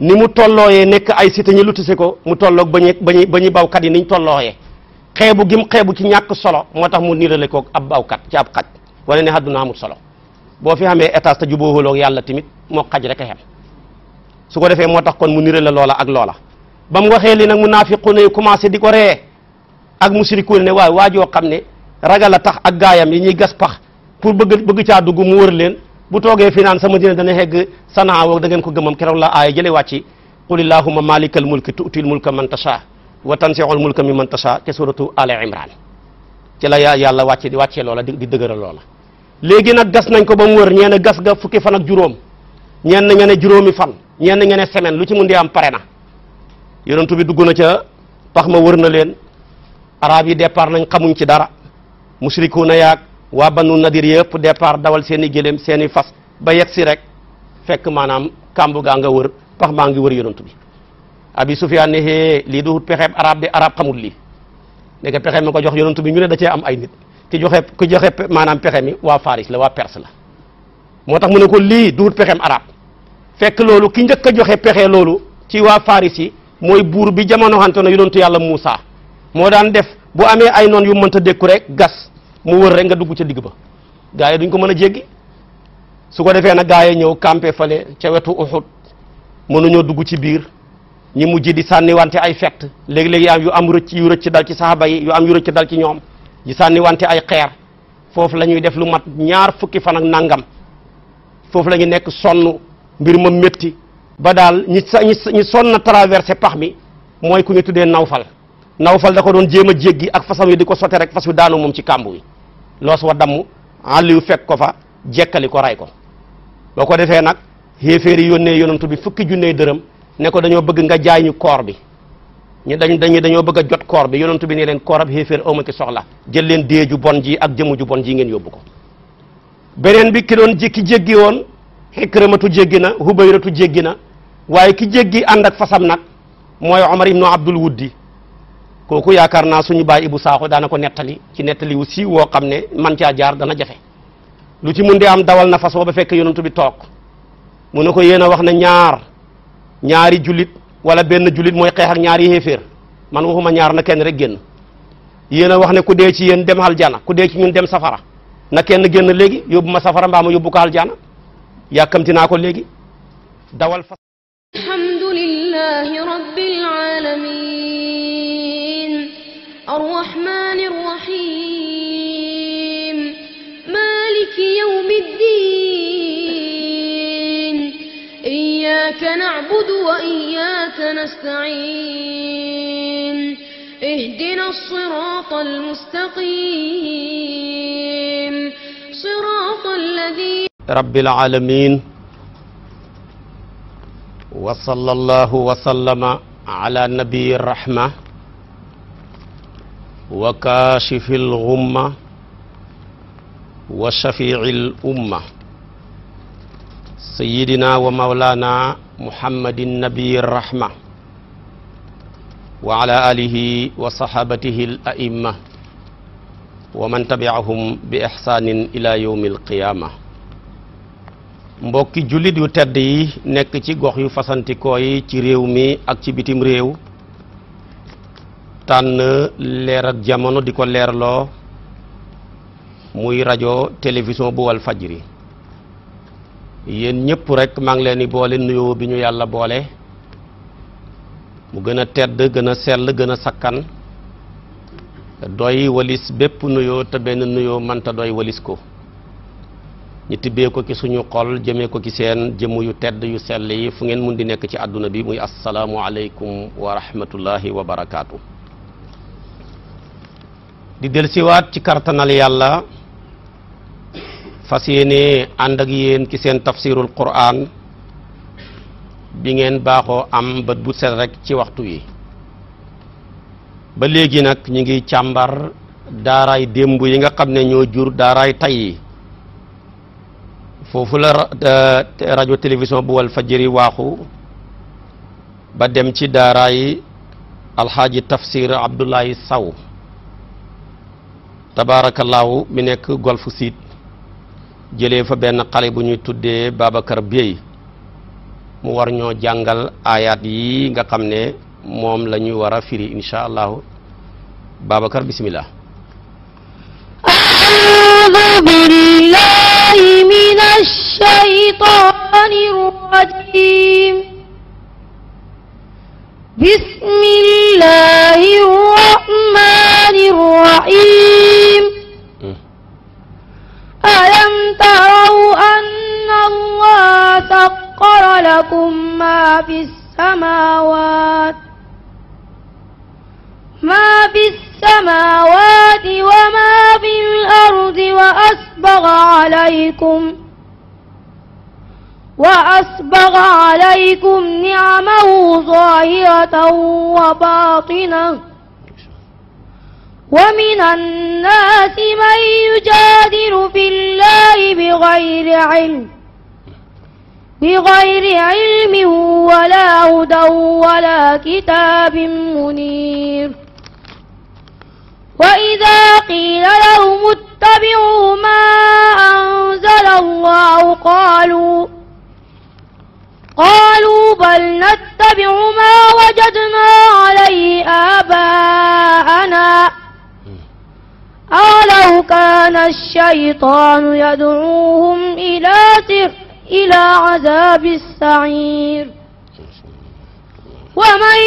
ni mu tollooyee nekk ay cité ñu lutise ko mu tolloog ba ñu ba ñu ba ñu bawkat yi ni ñu tollooyee xeebu gim xeebu ci ñàkk solo moo tax mu niirale koog ab bawkat ci ab xaj wala ne àdduna amul solo boo fi xamee étage te jubóoxaloog yàlla tamit moo xaj rek a xem su ko defee moo tax kon mu niirale loola ak loola ba mu waxee li nag mu naafiqu ne commencé di ko ree ak musrikuun ne waaye waa joo xam ne ragal a tax ak gaayam yi ñuy gas pax pour bëgg bëgg caa dugg mu wër leen bu toogee fi sama dina dana hegg sanaa woog dangeen ngeen ko gëmam keroog la aaya jële wàcci qul illahuma malikal mulki tu'til mulka man tasha wa tansiul mulka mi man tasha te suratu al imran ci la yàlla wàcce di wàccee loola di dëgëral loola léegi nag gas nañ ko ba mu wër ñee ne gas ga fukki fan ak juróom ñeen na nga ne juróomi fan ñeen na nga ne semaine lu ci mun di am pare na yonentu bi dugg na ca pax ma wër na leen araab yi départ nañ xamuñ ci dara mushrikuuna yaak waa banu nadir yëpp départ dawal seen i gëléem seen i fas ba yegg si rek fekk maanaam kambu gaa nga wër pax maa ngi wër yonent bi abi sufyaan ne hee lii du pexeeb arab de arab xamul lii nekk pexe mi ko jox yonent bi ñu ne da cee am ay nit ki joxe ki joxe maanaam pexe mi waa Faris la waa Perse la moo tax mu ne ko lii duut pexem arab fekk loolu ki njëkk a joxe pexe loolu ci waa Faris yi mooy buur bi jamono xante na yonentu yàlla Muusa moo daan def bu amee ay noon yu mënta dékku rek gas mu wër rek nga dugg ca digg ba gaa yi duñ ko mën a jéggi su ko defee na gaa yi ñëw campé fale ca wetu Uhud mënuñoo dugg ci biir ñi mujj di sànni wante ay fett léegi-léegi am yu am rëcc yu rëcc dal ci saxaaba yi yu am yu rëcc dal ci ñoom di sànni wante ay xeer foofu la ñuy def lu mat ñaar fukki fan ak nangam foofu la nekk sonn mbir ma métti ba daal ñi ñi na traversé pax mi mooy ku ñu tuddee nawfal nawfal da ko doon jéem a jéggi ak fasam yi di ko sote rek fas wi daanu moom ci kàmb wi loos wa damm Aliyu fekk ko fa jekkali ko ray ko boo ko defee nag xéeféer yi yónnee bi fukki junney dërëm ne ko dañoo bëgg nga jaay ñu koor bi ñu dañ dañu dañoo bëgg a jot koor bi yonantu bi ne leen koor ab xéeféer awma ci soxla jël leen dee ju bon ji ak jëmu ju bon ji ngeen yóbbu ko beneen bi ki doon ki jéggi woon xikramatu jéggi na hubayratu jéggi na waaye ki jéggi ànd ak fasam nag mooy Omar ibnu Abdul Wuddi kooku yaakaar naa suñu baay Ibou Sakho daana ko nettali ci nettali wu siiw woo xam ne man caa jaar dana jafe lu ci mun di am dawal na fas ba fekk yonantu bi toog mun ne ko yéen a wax ne ñaar ñaari julit wala benn julit mooy xeex ak ñaari xéeféer man waxuma ñaar na kenn rek génn yéen a wax ne ku dee ci yéen dem aljana ku dee ci ñun dem safara na kenn génn léegi yóbbu ma safara mbaam ma yóbbu ko aljana yàkkamti naa ko léegi dawal fas الرحمن الرحيم مالك يوم الدين إياك نعبد وإياك نستعين اهدنا الصراط المستقيم صراط الذين رب العالمين وصلى الله وسلم على نبي الرحمه wa kaashifi lxumma wa shafici l umma sayidina wa maulana muhammadin nabiyi rahma wa ala alihi wa sahabatihi al aimma wa man tabiahum bi ixsaanin ila yowmi alqiyaama mbokki julit yu tedd yi nekk ci gox yu fasantikoo yi ci réew mi ak ci bitim réew tànn leer ak jamono di ko leerloo muy rajo télévision bu wal fajri yéen ñëpp rek maa ngi leen di boole nuyoo bi ñu yàlla boole mu gën a tedd gën a sell gën a sakkan doy walis bépp nuyoo te benn nuyoo mënta doy walis ko ñu tibbee ko ci suñu xol jëmee ko ki seen jëmm yu tedd yu sell yi fu ngeen mun di nekk ci àdduna bi muy asalaamualeykum wa rahmatullahi wa barakaatu. di delsiwaat ci kartanal yàlla fas yéene ànd ak yéen ci seen tafsirul quran bi ngeen baaxoo am bët bu set rekk ci waxtu yi ba léegi nag ñu ngi càmbar daaraay démb yi nga xam ne ñoo jur daaraay tay yi foofu la eh, rajo télévision bu wal fajiri waaxu ba dem ci daaraay alxaaji tafsir Abdoulaye Saw tabaarakallaahu mi nekk golf sit jëlee fa benn xale bu ñuy tuddee Babacar Bey mu war ñoo jàngal aayaat yi nga xam ne moom la ñuy war a firi insha allahu Babacar bismillah أعوذ بالله من الشيطان الرجيم بسم الله الرحمن الرحمن الرحيم ألم تروا أن الله سخر لكم ما في السماوات ما في السماوات وما في الأرض وأسبغ عليكم وأسبغ عليكم نعمه ظاهرة وباطنة ومن الناس من يجادل في الله بغير علم بغير علم ولا هدى ولا كتاب منير وإذا قيل لهم اتبعوا ما أنزل الله قالوا قالوا بل نتبع ما وجدنا عليه آباءنا أولو كان الشيطان يدعوهم إلى سر إلى عذاب السعير ومن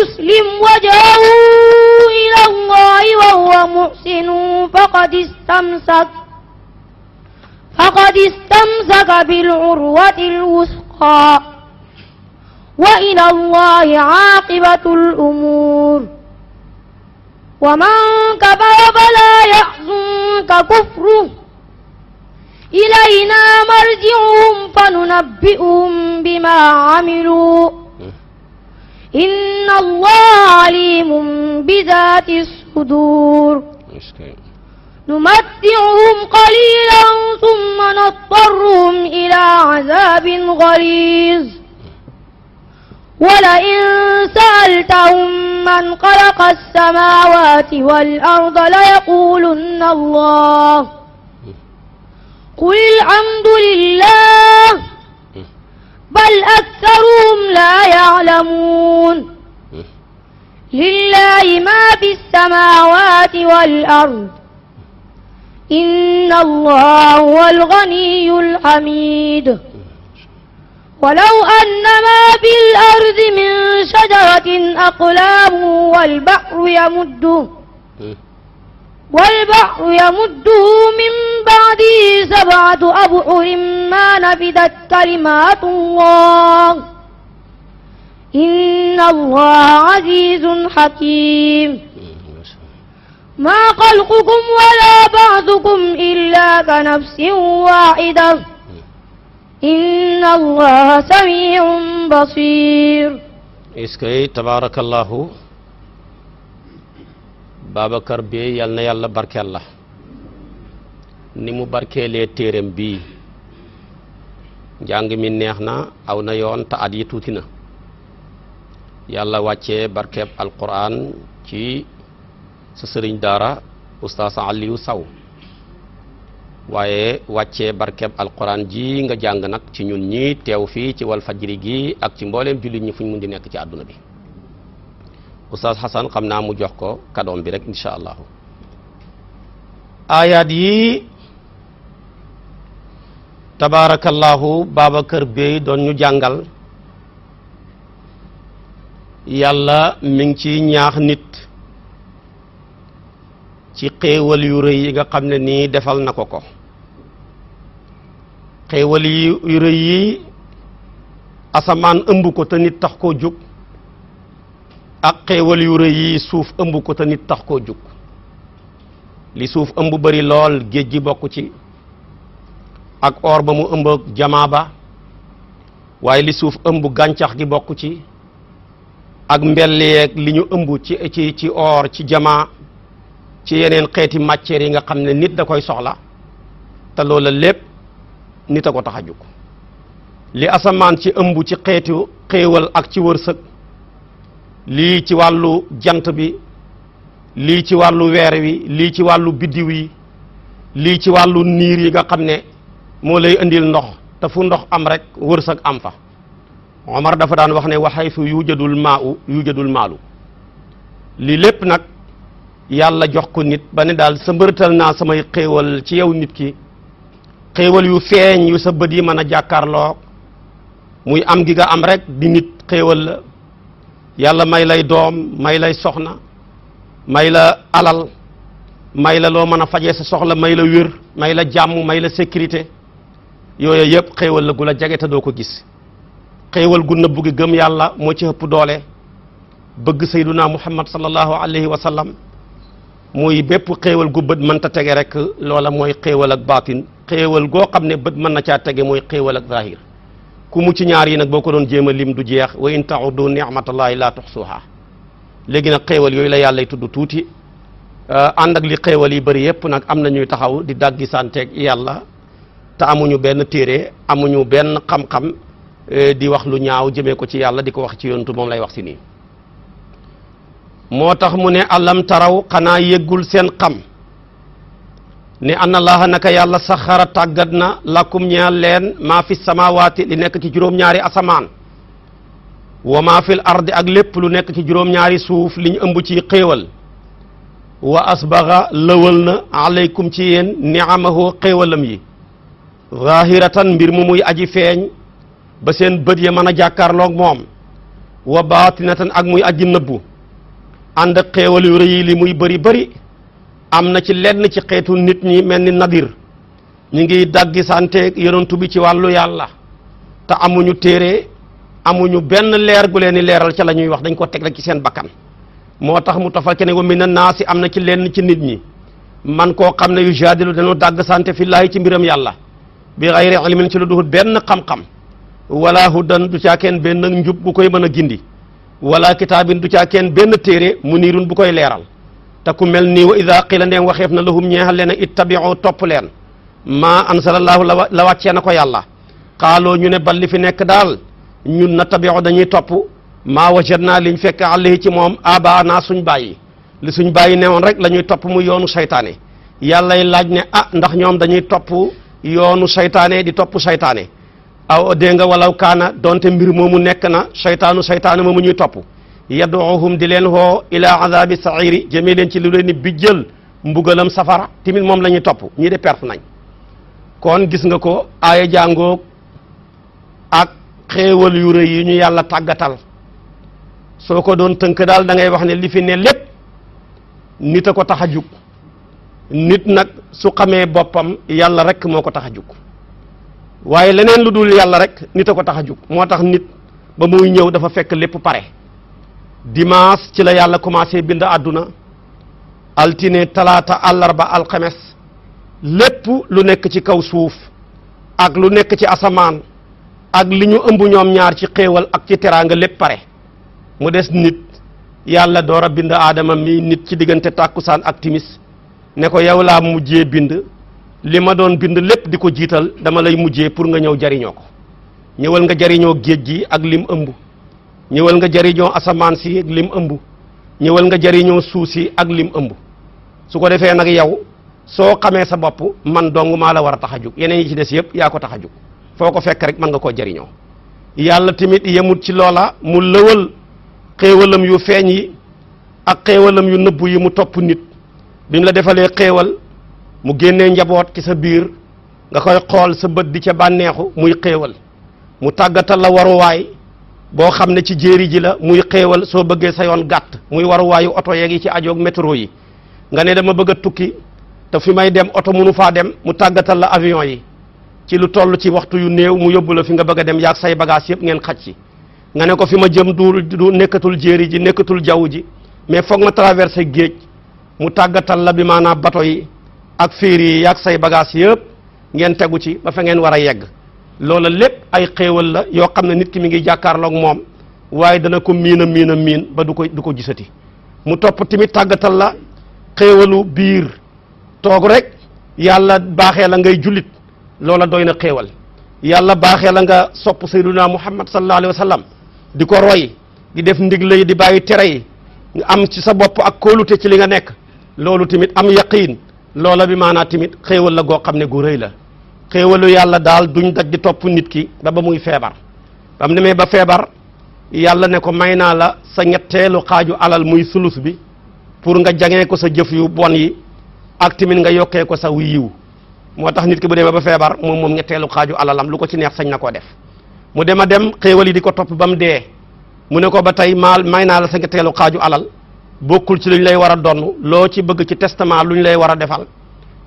يسلم وجهه إلى الله وهو محسن فقد استمسك فقد استمسك بالعروة الوثقى وإلى الله عاقبة الأمور ومن كفر فلا يحزنك كفره إلينا مرجعهم فننبئهم بما عملوا إن الله عليم بذات الصدور نمتعهم قليلا ثم نضطرهم إلى عذاب غليظ ولئن سألتهم من خلق السماوات والأرض ليقولن الله قل الحمد لله بل أكثرهم لا يعلمون لله ما في السماوات والأرض إن الله هو الغني الحميد ولو أن ما في الأرض من شجرة أقلام والبحر يمده والبحر يمده من بعده سبعة أبحر ما نفدت كلمات الله إن الله عزيز حكيم ما خلقكم ولا بعثكم إلا كنفس واحدة inna allaha samiun basir est tabarakallahu Babacar bi yal na yàlla barkeel la ni mu barkeelee téeram bii njàng mi neex na aw na yoon te at yi tuuti na yàlla wàcce barkeeb alquran ci sa sëriñ daara oustaz Aliou saw waaye wàcce barkeb alquran ji nga jàng nag ci ñun ñi teew fii ci Walfadjri gi ak ci mbooleem jullit ñi fuñ mun di nekk ci àdduna bi oustaz Hassan xam naa mu jox ko kadoom bi rek incha allahu ayaat yi tabaarakallahu Babacar Bey doon ñu jàngal yàlla mi ngi ci ñaax nit ci xéewal yu rëy yi nga xam ne nii defal na ko ko xéewal yu rëy yi asamaan ëmb ko te nit tax koo jóg ak xéewal yu rëy yi suuf ëmb ko te nit tax koo jóg li suuf ëmb bari lool géej gi bokk ci ak or ba mu ëmb jamaa ba waaye li suuf ëmb gàncax gi bokk ci ak mbelleeg li ñu ëmb ci ci ci or ci jamaa ci yeneen xeeti matières yi nga xam ne nit da koy soxla te loola lépp nit a ko tax a jóg li asamaan ci ëmb ci xeeti xéewal ak ci wërsëg lii ci wàllu jant bi lii ci wàllu weer wi lii ci wàllu biddiw yi lii ci wàllu niir yi nga xam ne moo lay indil ndox te fu ndox am rek wërsëg am fa Omar dafa daan wax ne wa haythu yujadul maa'u yujadul maalu lii lépp nag yàlla jox ko nit ba ne daal sa mbërtal naa samay xéewal ci yow nit ki xéewal yu feeñ yu sa bët yi mën a jàkkaarloo muy am gi nga am rek di nit xéewal la yàlla may lay doom may lay soxna may la alal may la loo mën a fajee sa soxla may la wér may la jàmm may la sécurité yooyu yëpp xéewal la gu la jege te doo ko gis xéewal gu na gi gëm yàlla moo ci ëpp doole bëgg sayduna muhammad sallallahu alayhi wa sallam mooy bépp xéewal gu bët mën ta tege rek loola mooy xéewal ak baatin xéewal goo xam ne bët mën na caa tege mooy xéewal ak zahir ku mu ci ñaar yi nag boo ko doon jéem a lim du jeex wa in ta'uddu ni'matallahi la tuhsuha léegi nag xéewal yooyu la yàllay tudd tuuti euh, ànd ak li xéewal yi bëri yëpp nag am na ñuy taxaw di daggi santeeg yàlla te amuñu benn téere amuñu benn xam-xam euh, di wax lu ñaaw jëmee ko ci yàlla di ko wax ci yontu moom lay wax si nii moo tax mu ne alam taraw xanaa yëggul seen xam ne anna laaha naka yàlla saxara tàggat na lakum ñeel leen maa fi samawaati li nekk ci juróom-ñaari asamaan wa maa fil ardi ak lépp lu nekk ci juróom-ñaari suuf li ñu ëmb ci xéewal wa asbaxa lëwal na aleykum ci yéen niamahu xéewalam yi zahiratan mbir mu muy aji feeñ ba seen bët ya mën a jàkkaarlook moom wa baatinatan ak muy aji nëbbu ànd ak xéewal yu rëy li muy bëri bëri am na ci lenn ci xeetu nit ñi mel ni nadir ñu ngi daggi santeeg yonentu bi ci wàllu yàlla te amuñu téere amuñu benn leer gu leen di leeral ca la ñuy wax dañ ko teg rek ci seen bakkan moo tax mu tofal ke ne wa mina naasi am na ci lenn ci nit ñi man koo xam ne yu jaadilu dañoo dagg sante fillaahi ci mbiram yàlla bi xayri ilmin ci lu duhut benn xam-xam wala hudan du caakeen benn njub gu koy mën a gindi wala kitaabin du caa kenn benn téere mu niirun bu koy leeral te ku mel nii wa ida qila ndeem waxeef na lahum ñeexal leen ittabiu topp leen maa ansalallahu la wàccee na ko yàlla xaaloo ñu ne balli fi nekk daal ñun na tabiu dañuy topp maa wajat naa liñ fekk àllahi ci moom abaa naa suñ bàyyi li suñ bàyyi newoon rek lañuy topp mu yoonu saytaane yàllay laaj ne ah ndax ñoom dañuy topp yoonu seytaane di topp seytaane aw dégg nga walaw kaana donte mbir moomu nekk na seytaanu seytaanu moomu ñuy topp yad'uhum di leen woo ila azabi sairi jëmee leen ci lu leen ni bijjël mbugalam safara tamit moom la topp ñii de perte nañ kon gis nga ko aaya jàngoog ak xéewal yu rëy ñu yàlla tàggatal soo ko doon tënk daal da ngay wax ne li fi ne lépp nit a ko tax a jug nit nag su xamee boppam yàlla rek moo ko tax a jug waaye leneen lu dul yàlla rek nit a ko tax a jug moo tax nit ba muy ñëw dafa fekk lépp pare dimanche ci la yàlla commencé bind àdduna altine talaata àllarba alxemes lépp lu nekk ci kaw suuf ak lu nekk ci asamaan ak li ñu ëmb ñoom ñaar ci xéewal ak ci teraanga lépp pare mu des nit yàlla door a bind aadama mi nit ci diggante tàkkusaan ak timis ne ko yow laa mujjee bind li ma doon bind lépp di ko jiital dama lay mujjee pour nga ñëw jariñoo ko ñëwal nga jariñoo géej gi ak lim ëmb ñëwal nga jariñoo asamaan si ak lim ëmb ñëwal nga jariñoo suuf si ak lim ëmb su ko defee nag yow soo xamee sa bopp man dong maa la war a tax a jug yeneen yi ci des yëpp yaa ko tax a jug foo ko fekk rek mën nga koo jariñoo yàlla tamit yemut ci loola mu lëwal xéewalam yu feeñ yi ak xéewalam yu nëbb yi mu topp nit bi mu la defalee xéewal mu génnee njaboot ci sa biir nga koy xool sa bët di ca bànneexu muy xéewal mu tàggatal la waruwaay boo xam ne ci jéeri ji la muy xéewal soo bëggee sa yoon gàtt muy waruwaayu oto yeeg yi ci ajoog métro yi nga ne dama bëgg tukki te fi may dem oto mënu faa dem mu tàggatal la avion yi ci lu toll ci waxtu yu néew mu yóbbu la fi nga bëgg dem yaag say bagage yëpp ngeen xaj ci nga ne ko fi ma jëm du nekkatul jéeri ji nekkatul jaww ji mais foog ma traversé géej mu tàggatal la bi maanaam bato yi ak fiir yi yaag say bagage yëpp ngeen tegu ci ba fa ngeen war a yegg loola lépp ay xéewal la yoo xam ne nit ki mu ngi jàkkaarloog moom waaye dana ko miina miina miin ba du ko du ko gisati mu topp tamit tàggatal la xéewalu biir toog rek yàlla baaxee la ngay jullit loola doy na xéewal yàlla baaxee la nga sopp sayyiduna muhammad sallallahu alayhi wa sallam di ko roy di def ndigle yi di bàyyi tere yi nga am ci sa bopp ak kóolute ci li nga nekk loolu tamit am yaqiin loola bi maanaa tamit xéewal la goo xam ne gu rëy la xéewalu yàlla daal duñ daj di topp nit ki ba ba muy feebar bam demee ba feebar yàlla ne ko may naa la sa ñetteelu xaaju alal muy sulus bi pour nga jangee ko sa jëf yu bon yi ak tamit nga yokkee ko sa yiw moo tax nit ki bu demee ba feebar moom moom ñetteelu xaaju alalam lu ko ci neex sañ na koo def mu dem a dem xéewal yi di ko topp ba mu dee mu ne ko ba tey maal may naa la sa ñetteelu xaaju alal bokkul ci luñ lay war a donn loo ci bëgg ci testament luñ lay war a defal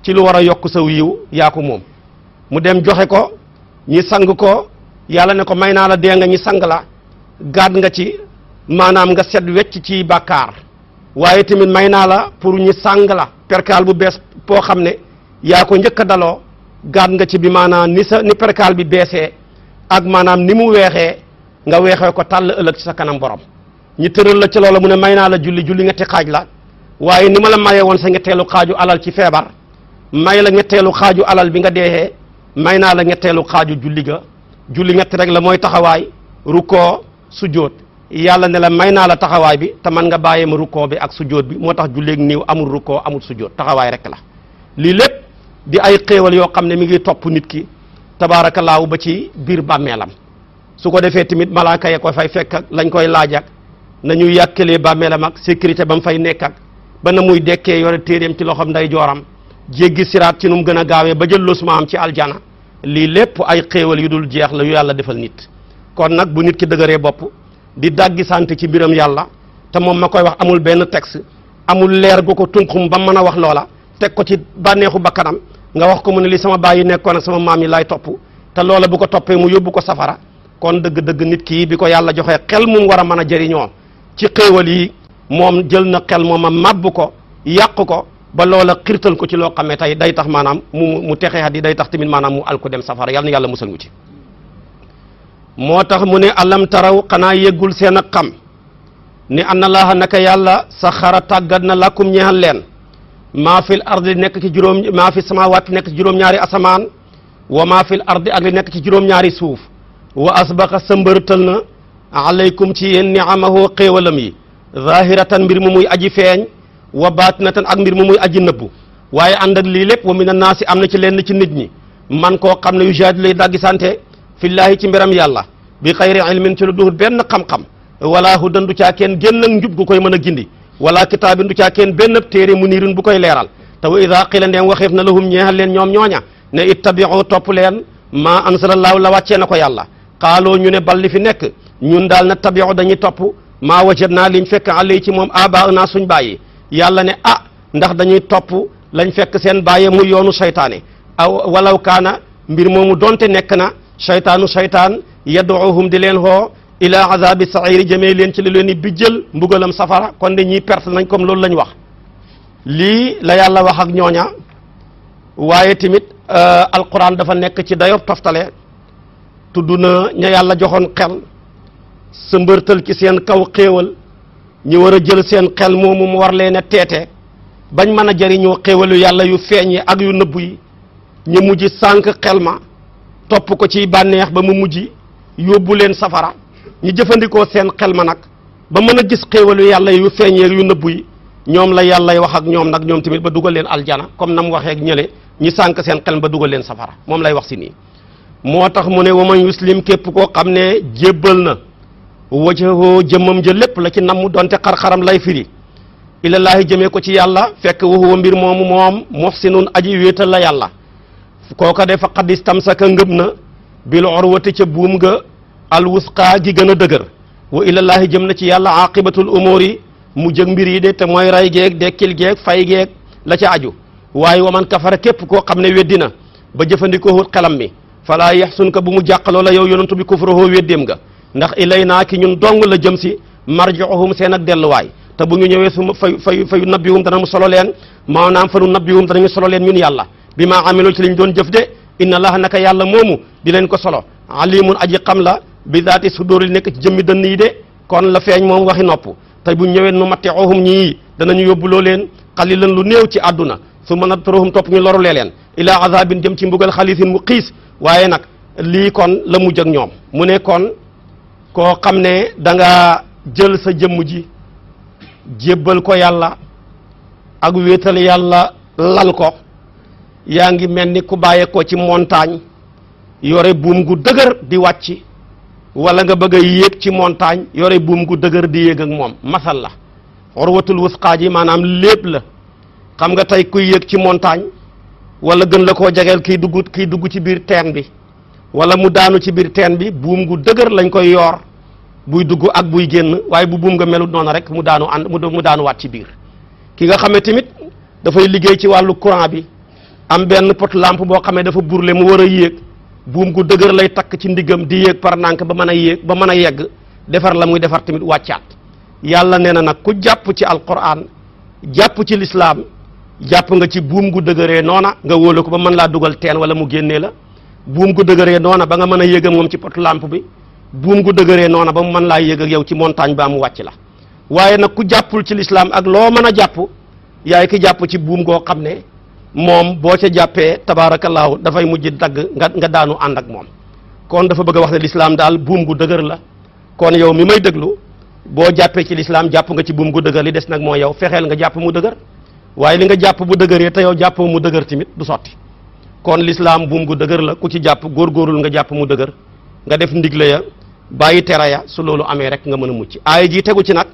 ci lu war a yokk sa wiiw yaa ko moom mu dem joxe ko ñi sang ko yàlla ne ko may naa la dee nga ñi sang la gaat nga ci maanaam nga set wecc ci bàkkaar waaye tamit may naa la pour ñi sang la perkaal bu bees boo xam ne yaa ko njëkk a daloo gaat nga ci bi maanaam ni sa ni perkaal bi beesee ak maanaam ni mu weexee nga weexee ko tàll ëllëg ci sa kanam borom ñu tëral la ci la mu ne may naa la julli julli ñetti xaaj la waaye ni ma la mayee woon sa ñetteelu xaaju alal ci feebar may la ñetteelu xaaju alal bi nga deexee may naa la ñetteelu xaaju julli ga julli ñetti rek la mooy taxawaay rukkoo sujjóot yàlla ne la may naa la taxawaay bi te man nga bàyyee ma rukkoo bi ak sujjóot bi moo tax julleeg niiw amul rukkoo amul sujjóot taxawaay rek la lii lépp di ay xéewal yoo xam ne mi ngi topp nit ki tabaarakallaahu ba ci biir bàmmeelam su ko defee tamit malaaka ya ko fay fekk lañ koy laaj nañu yàkkalee bàmmeelam ak sécurité ba mu fay nekk ak ba na muy dekkee yore téeréem ci loxoom nday jooram jéggi siraat ci nu mu gën a gaawee ba jël losma am ci aljana lii lépp ay xéewal yu dul jeex la yu yàlla defal nit kon nag bu nit ki dëgëree bopp di dàggi sant ci biram yàlla te moom ma koy wax amul benn texte amul leer gu ko tunqum ba mën a wax loola teg ko ci bànneexu bakkanam nga wax ko mu ne li sama baay yi nekkoon ak sama maam yi laay topp te loola bu ko toppee mu yóbbu ko safara kon dëgg-dëgg nit kii bi ko yàlla joxee xel mu war a mën a jëriñoo ci xéewal yi moom jël na xel mooma màbb ko yàq ko ba loola xirtal ko ci loo xam ne tey day tax maanaam mu mu texee at day tax tamit maanaam mu alku dem safara yàlla yàlla musal ñu ci moo tax mu ne alam taraw xanaa yëggul seen ak xam ni anna laaha naka yàlla saxara tàggat na làkkum ñeexal leen maa fil ardi nekk ci juróom maa fi samaawaat nekk ci juróom-ñaari asamaan wa maa fil ardi ak li nekk ci juróom-ñaari suuf wa asbaxa sëmbërtal na alaykum ci yéen niamahu xéewalam yi zahiratan mbir mu muy aji feeñ wa baatinatan ak mbir mu muy aji nëbbu waaye ànd ak lii lépp wa a naasi am na ci lenn ci nit ñi man koo xam ne yu jaadi lay daggi sante fillaahi ci mbiram yàlla bi xayri ilmin ci lu duhut benn xam-xam wala hudan du caa kenn génn ak njub gu koy mën a gindi wala kitaabin du caa kenn benn téere mu niirun bu koy leeral te wa ida qila ndeen waxeef na lahum ñeexal leen ñoom ñooña ne ittabiu topp leen maa ansalallaahu la wàccee na ko yàlla ñun daal na tabiu dañuy topp maa wajat naa liñ fekk alay ci moom abaa naa suñ bàyyi yàlla ne ah ndax dañuy topp lañ fekk seen bàyyi mu yoonu saytaane aw walaw kaana mbir moomu donte nekk na saytaanu saytaan yad'uhum di leen hoo ila azabi sairi jëmee leen ci li leen di bijjël mbugalam safara kon de ñiy perte nañ comme loolu lañ wax lii la yàlla wax ak ñooña waaye tamit euh, alquran dafa nekk ci dayob toftale tudd na ña yàlla joxoon xel sa mbërtal ci seen kaw xéewal ñu war a jël seen xel moomu mu war leen teete bañ mën a jariñoo xéewalu yàlla yu feeñ yi ak yu nëbb yi ñu mujj sànq xel ma topp ko ciy bànneex ba mu mujj yóbbu leen safara ñu jëfandikoo seen xel ma nag ba mën a gis xéewalu yàlla yu feeñ yeeg yu nëbb ñoom la yàllay wax ak ñoom nag ñoom tamit ba dugal leen aljana comme na mu waxee ak ñële ñi sànq seen xel ba dugal leen safara moom lay wax si nii moo tax mu ne waman yuslim képp koo xam ne jébbal na wajahoo jëmmam ja lépp la ci namm donte xarxaram lay firi ilallaahi jëmee ko ci yàlla fekk waxuwa mbir moomu moom muhsinun aji wéetal la yàlla kooka de faqad istamsaka ngëb na bil urwati ca buum nga alwusqaa gi gën a dëgër wa ilallaahi jëm na ci yàlla aqibatul umur yi mu jëg mbir yi de te mooy ray geeg dekkil geeg fay geeg la ca aju waaye wa man kafara képp koo xam ne weddi na ba jëfandikoo xelam mi falaa yaxsun ka bu mu jàqaloo la yow yonentu nga ndax ilay naa ki ñun dong la jëm si marjiuhum seen ak delluwaay te bu ñu ñëwee su ma fay fay fayu nabbiwum dana mu solo leen maanaam fanu nabbiwum danañu solo leen ñun yàlla bi maa amiloo ci lañ doon jëf de inna allaha naka yàlla moomu di leen ko solo alimun aji xam la bi daati sudur li nekk ci jëmmi dënn yi de kon la feeñ moom waxi nopp te bu ñëwee nu mattiuhum ñii danañu yóbbuloo leen xalilan lu néew ci àdduna summa nabtaruhum topp ñu lorulee leen ilaa azabin jëm ci mbugal xalisin mu xiis waaye nag lii kon la mujj ak ñoom mu ne kon koo xam ne danga jël sa jëmm ji jébbal ko yàlla ak wéetal yàlla lal ko yaa ngi mel ni ku bàyyeekoo ci montagne yore buum gu dëgër di wàcc wala nga bëgg a yéeg ci montagne yore buum gu dëgër di yéeg ak moom masal la urwatul wusqaa yi maanaam lépp la xam nga tey kuy yéeg ci montagne wala gën la koo jegeel kiy dugg kiy dugg ci biir teen bi wala mu daanu ci biir teen bi buum gu dëgër lañ koy yoor buy dugg ak buy génn waaye bu buum nga melut noonu rek mu daanu ànd mu daanu waat ci biir ki nga xamee tamit dafay liggéey ci wàllu courant bi am benn pot làmp boo xamee dafa burle mu war a yéeg buum gu dëgër lay takk ci ndiggam di yéeg par nànk ba mën a yéeg ba mën a yegg defar la muy defar tamit wàccaat yàlla nee na nag ku jàpp ci alquran jàpp ci lislaam jàpp nga ci buum gu dëgëree noona nga wóolu ko ba mën laa dugal teen wala mu génnee la buum gu dëgëree noona ba nga mën a yëg ci pot lampe bi buum gu dëgëree noona ba mu mën laa yëg ak yow ci montagne ba mu wàcc la waaye nag ku jàppul ci lislaam ak loo mën a jàpp yaay ki jàpp ci buum goo xam ne moom boo ca jàppee tabaarakallaahu dafay mujj dagg nga nga daanu ànd ak moom kon dafa bëgg a wax ne lislaam daal buum gu dëgër la kon yow mi may déglu boo jàppee ci lislaam jàpp nga ci buum gu dëgër li des nag mooy yow fexeel nga jàpp mu dëgër waaye li nga jàpp bu dëgëree te yow jàppoo mu dëgër tamit du sotti kon lislaam buum gu dëgër la ku ci jàpp góor góorul nga jàpp mu dëgër nga def ndigle ya bàyyi tere ya su loolu amee rek nga mën a mucc aaya ji tegu ci nag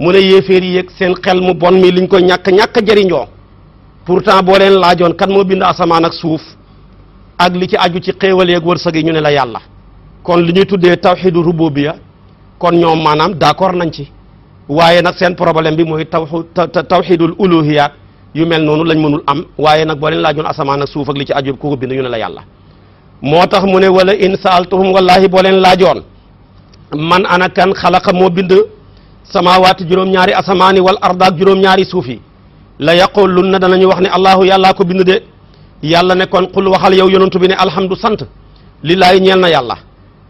mu ne yéeféer yi seen xel mu bon mi liñ koy ñàkk ñàkk jëriñoo pourtant boo leen laajoon kan moo bind asamaan ak suuf ak li ci aju ci xéewal yeeg wërsëg yi ñu ne la yàlla kon li ñuy tuddee tawxidu ya kon ñoom maanaam d'accord nañ ci waaye nag seen problème bi mooy taw tawxidul uluhiyaat yu mel noonu lañ mënul am waaye nag boo leen laajoon asamaan ak suuf li ci aju ko bind ñu ne la yàlla moo tax mu ne wala in saaltuhum wallahi boo leen laajoon man ana kan xalaqa moo bind samaawaati juróom-ñaari asamaani wal arda ak juróom-ñaari suuf yi la yaqulunna danañu wax ne allahu yàllaa ko bind de yàlla nekkoon kon qul waxal yow yonantu bi ne alhamdu sant lillaahi ñeel na yàlla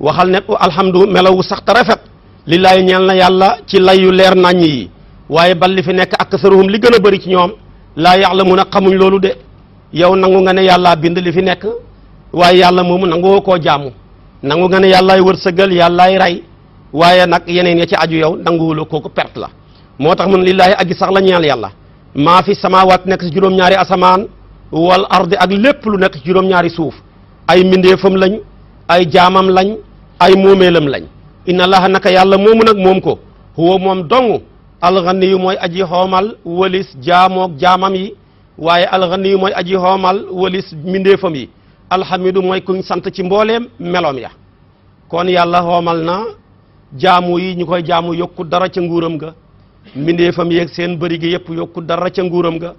waxal ne alhamdu melawu sax te rafet lillaahi ñeel na yàlla ci layu leer naññ yi waaye bal li fi nekk aksaruhum li gën a bëri ci ñoom laa la ya'lamuuna xamuñ loolu de yow nangu nga ne yàllaa bind li fi nekk waaye yàlla moomu nanguwoo koo jaamu nangu nga ne yàllaay wërsëgal yàllaay rey waaye nag yeneen ya ci aju yow nanguwuloo kooku perte la moo tax mun lillaahi aji sax la ñeel yàlla maa fi sama wat nekk ci juróom-ñaari asamaan wal ardi ak lépp lu nekk ci juróom-ñaari suuf ay mbindeefam lañ ay jaamam lañ ay moomeelam lañ inna allaha naka yàlla moomu nag moom ko huwa moom dong alxani mooy aji xoomal walis jaamoog jaamam yi waaye alxani mooy aji xoomal walis mindeefam yi alxamidu mooy kuñ sant ci mbooleem meloom ya kon yàlla xoomal na jaamu yi ñu koy jaamu yokku dara ca nguuram ga mindeefam yeeg seen bëri gi yëpp yokku dara ca nguuram ga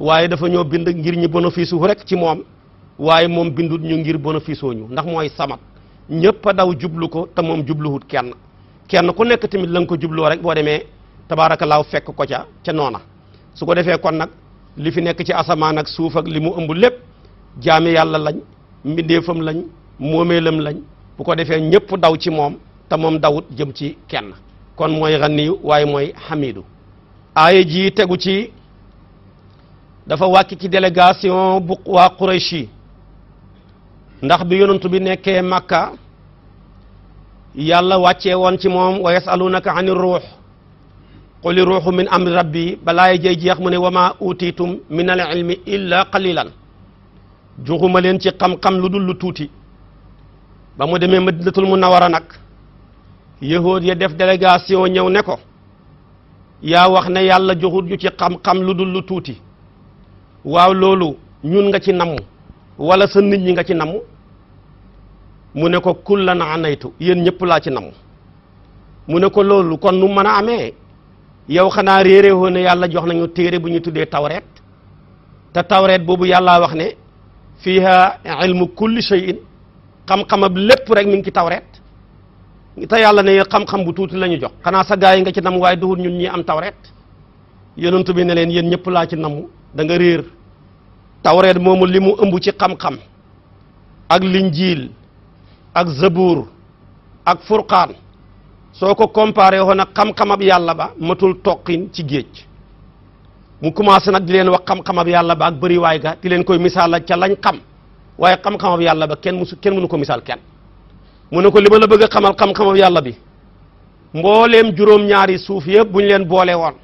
waaye dafa ñoo bind ngir ñu bénéfice wu rek ci moom waaye moom bindut ñu ngir bénéfice ñu ndax mooy samat ñëpp daw jublu ko te moom jubluwut kenn kenn ku nekk tamit la nga ko jubloo rek boo demee tabaarakallaahu fekk ko ca ca noona su ko defee kon nag li fi nekk ci asamaan ak suuf li mu ëmb lépp jaami yàlla lañ mbindeefam lañ moomeelam lañ bu ko defee ñëpp daw ci moom te moom dawut jëm ci kenn kon mooy xanniyu waaye mooy xamidu aaya ji tegu ci dafa wàcc ci délégation bu waa Quraysh ndax bi yonantu bi nekkee Makka yàlla wàccee woon ci moom wa yasalunaka ani ruux quli ruuxu min amri rabbi balaa ya jeex mu ne wama utitum min al ilmi illa qalilan joxuma leen ci xam-xam lu dul lu tuuti ba mu demee ma madinatul munawara nag yahood ya def délégation ñëw ne ko yaa wax ne yàlla joxut ju ci xam-xam lu dul lu tuuti waaw loolu ñun nga ci namm wala sa nit ñi nga ci namm mu ne ko kullan anaytu yéen ñëpp laa ci namm mu ne ko loolu kon nu mën a amee yow xanaa réeré woon ne yàlla jox nañu téere bu ñu tuddee tawreet te tawreet boobu yàllaa wax ne fiiha ilmu kulli shay'in xam-xamab lépp rek mi ngi ci tawreet te yàlla ne xam-xam bu tuuti la ñu jox xanaa sa gaa yi nga ci nam waaye duhul ñun ñi am tawreet yonent bi ne leen yéen ñëpp laa ci namu danga nga réer tawreet moomu li mu ëmb ci xam-xam ak linjiil ak zabuur ak furqaan soo ko comparé woon ak xam-xamab yàlla ba matul toqin ci géej mu commencé nag di leen wax xam-xamab yàlla ba ak bëri waay ga di leen koy misaal ca lañ xam waaye xam-xamab yàlla ba kenn musu kenn mënu ko misaal kenn mu ne ko li ma la bëgg a xamal xam-xamab yàlla bi mbooleem juróom-ñaari suuf yëpp bu ñu leen boole woon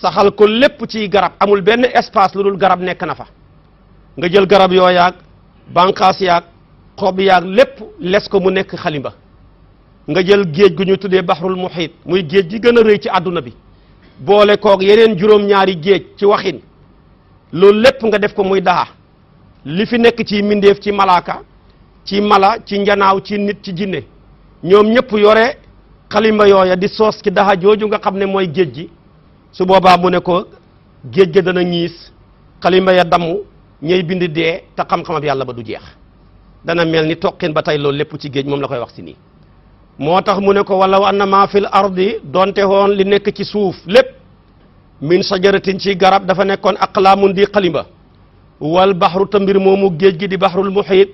saxal ko lépp ci garab amul benn espace lu dul garab nekk na fa nga jël garab yoo yaag banqaas yaag xob yaag lépp les ko mu nekk xalimba nga jël géej gu ñu tuddee baxrul muhiit muy géej gi gën a rëy ci àdduna bi boole kook yeneen juróom-ñaari géej ci waxin loolu lépp nga def ko muy daha li fi nekk ci mbindeef ci malaaka ci mala ci njanaaw ci nit ci jinne ñoom ñëpp yore xalimba yooya di soos ci daha jooju nga xam ne mooy géej gi su boobaa mu ne ko géej ga dana ñiis kalimba ya damm ñey bind dee te xam-xamab yàlla ba du jeex dana mel ni toqin ba tey loolu lépp ci géej moom la koy wax si nii moo tax mu ne ko walaw anna maa fil ardi donte woon li nekk ci suuf lépp min sajaratin ci garab dafa nekkoon aqlaamun di xalimba wal baxru te mbir moomu géej gi di ya muxiit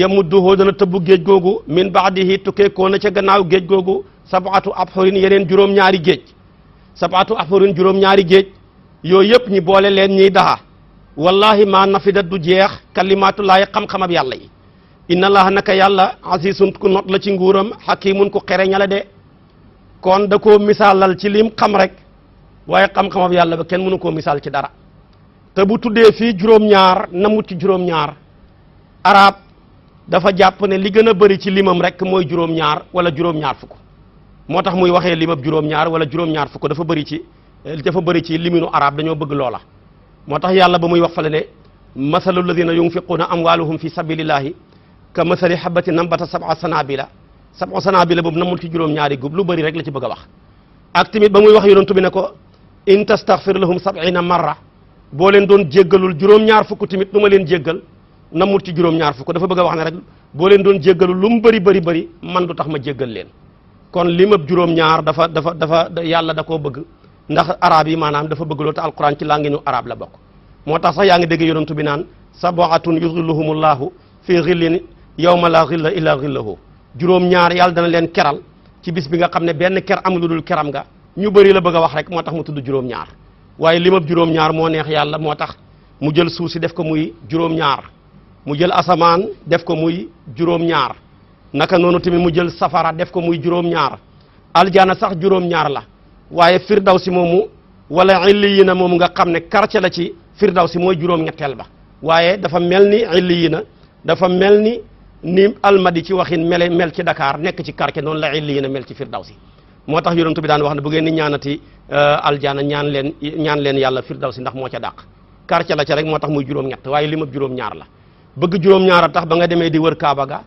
yamudduhu dana tëbbu géej googu min baadihi tukkeekoo na ca gannaaw géej googu sabatu abxurin yeneen juróom-ñaari géej sabatu abxurin juróom-ñaari géej yooyu yëpp ñi boole leen ñiy daxa wallahi maa nafidat du jeex kalimaatullaahi xam-xamab yàlla yi inna allaha naka yàlla asisun ku not la ci nguuram xakimun ku ñala de kon da koo misaalal ci lim xam rek waaye xam-xamam yàlla ba kenn mënu koo misaal ci dara te bu tuddee fii juróom-ñaar namut ci juróom-ñaar arab dafa jàpp ne li gën a bari ci limam rek mooy juróom-ñaar wala juróom-ñaar fukk moo tax muy waxee limab juróom-ñaar wala juróom-ñaar fukk dafa bari ci dafa bari ci liminu araab dañoo bëgg loola moo tax yàlla ba muy wax fale ne masalu alladina yunfiquuna amwaluhum fi sabilillahi ka masali habati nambata sab'a sanabila sab'a sanabila boobu namul ci juróom-ñaari gub lu bëri rek la ci bëgg a ak tamit ba muy wax yonent bi ne ko in tastaghfir lahum sab'ina marra boo leen doon jéggalul juróom-ñaar fukk tamit nu ma leen jéggal namul ci juróom-ñaar fukk dafa bëgg a wax ne rek boo leen doon jéggalul lu mu bëri bëri bëri man du tax ma jéggal leen kon limab juróom-ñaar dafa dafa dafa yàlla da koo bëgg ndax arab yi maanaam dafa bëgg loolu te alquran ci langue ñu arab la bokk moo tax sax yaa ngi dégg yonent bi naan sabaatun yuzilluhumullahu fi yawma laa xilla illaa xillahu juróom-ñaar yàlla dana leen keral ci bis bi nga xam ne benn ker amul lu dul keram nga ñu bari la bëgg a wax rek moo tax mu tudd juróom-ñaar waaye li mab juróom-ñaar moo neex yàlla moo tax mu jël suuf si def ko muy juróom-ñaar mu jël asamaan def ko muy juróom-ñaar naka noonu tamit mu jël safara def ko muy juróom-ñaar aljana sax juróom-ñaar la waaye firdaw si moomu wala illiyina moomu nga xam ne quartier la ci firdaw si mooy juróom-ñetteel ba ni almadi ci waxin mel mel ci Dakar nekk ci quartier noonu la illiyin a mel ci firdawsi moo tax yonent bi daan wax ne ni ñaanati euh, aljana ñaan leen ñaan leen yàlla firdawsi ndax moo ca dàq quartier la ca rek moo tax muy juróom-ñett waaye li ma juróom-ñaar la bëgg juróom-ñaar tax ba nga demee di wër Kaaba ga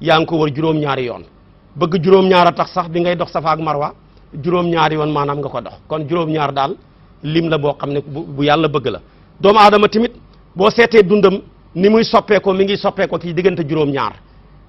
yaa ngi ko wër juróom-ñaari yoon bëgg juróom-ñaar a tax sax bi ngay dox Safa ak Marwa juróom-ñaari yoon maanaam nga ko dox kon juróom-ñaar daal lim la boo xam ne bu yàlla bëgg la doomu aadama tamit boo seetee dundam ni muy soppeekoo mi ngi soppeekoo ci diggante juróom-ñaar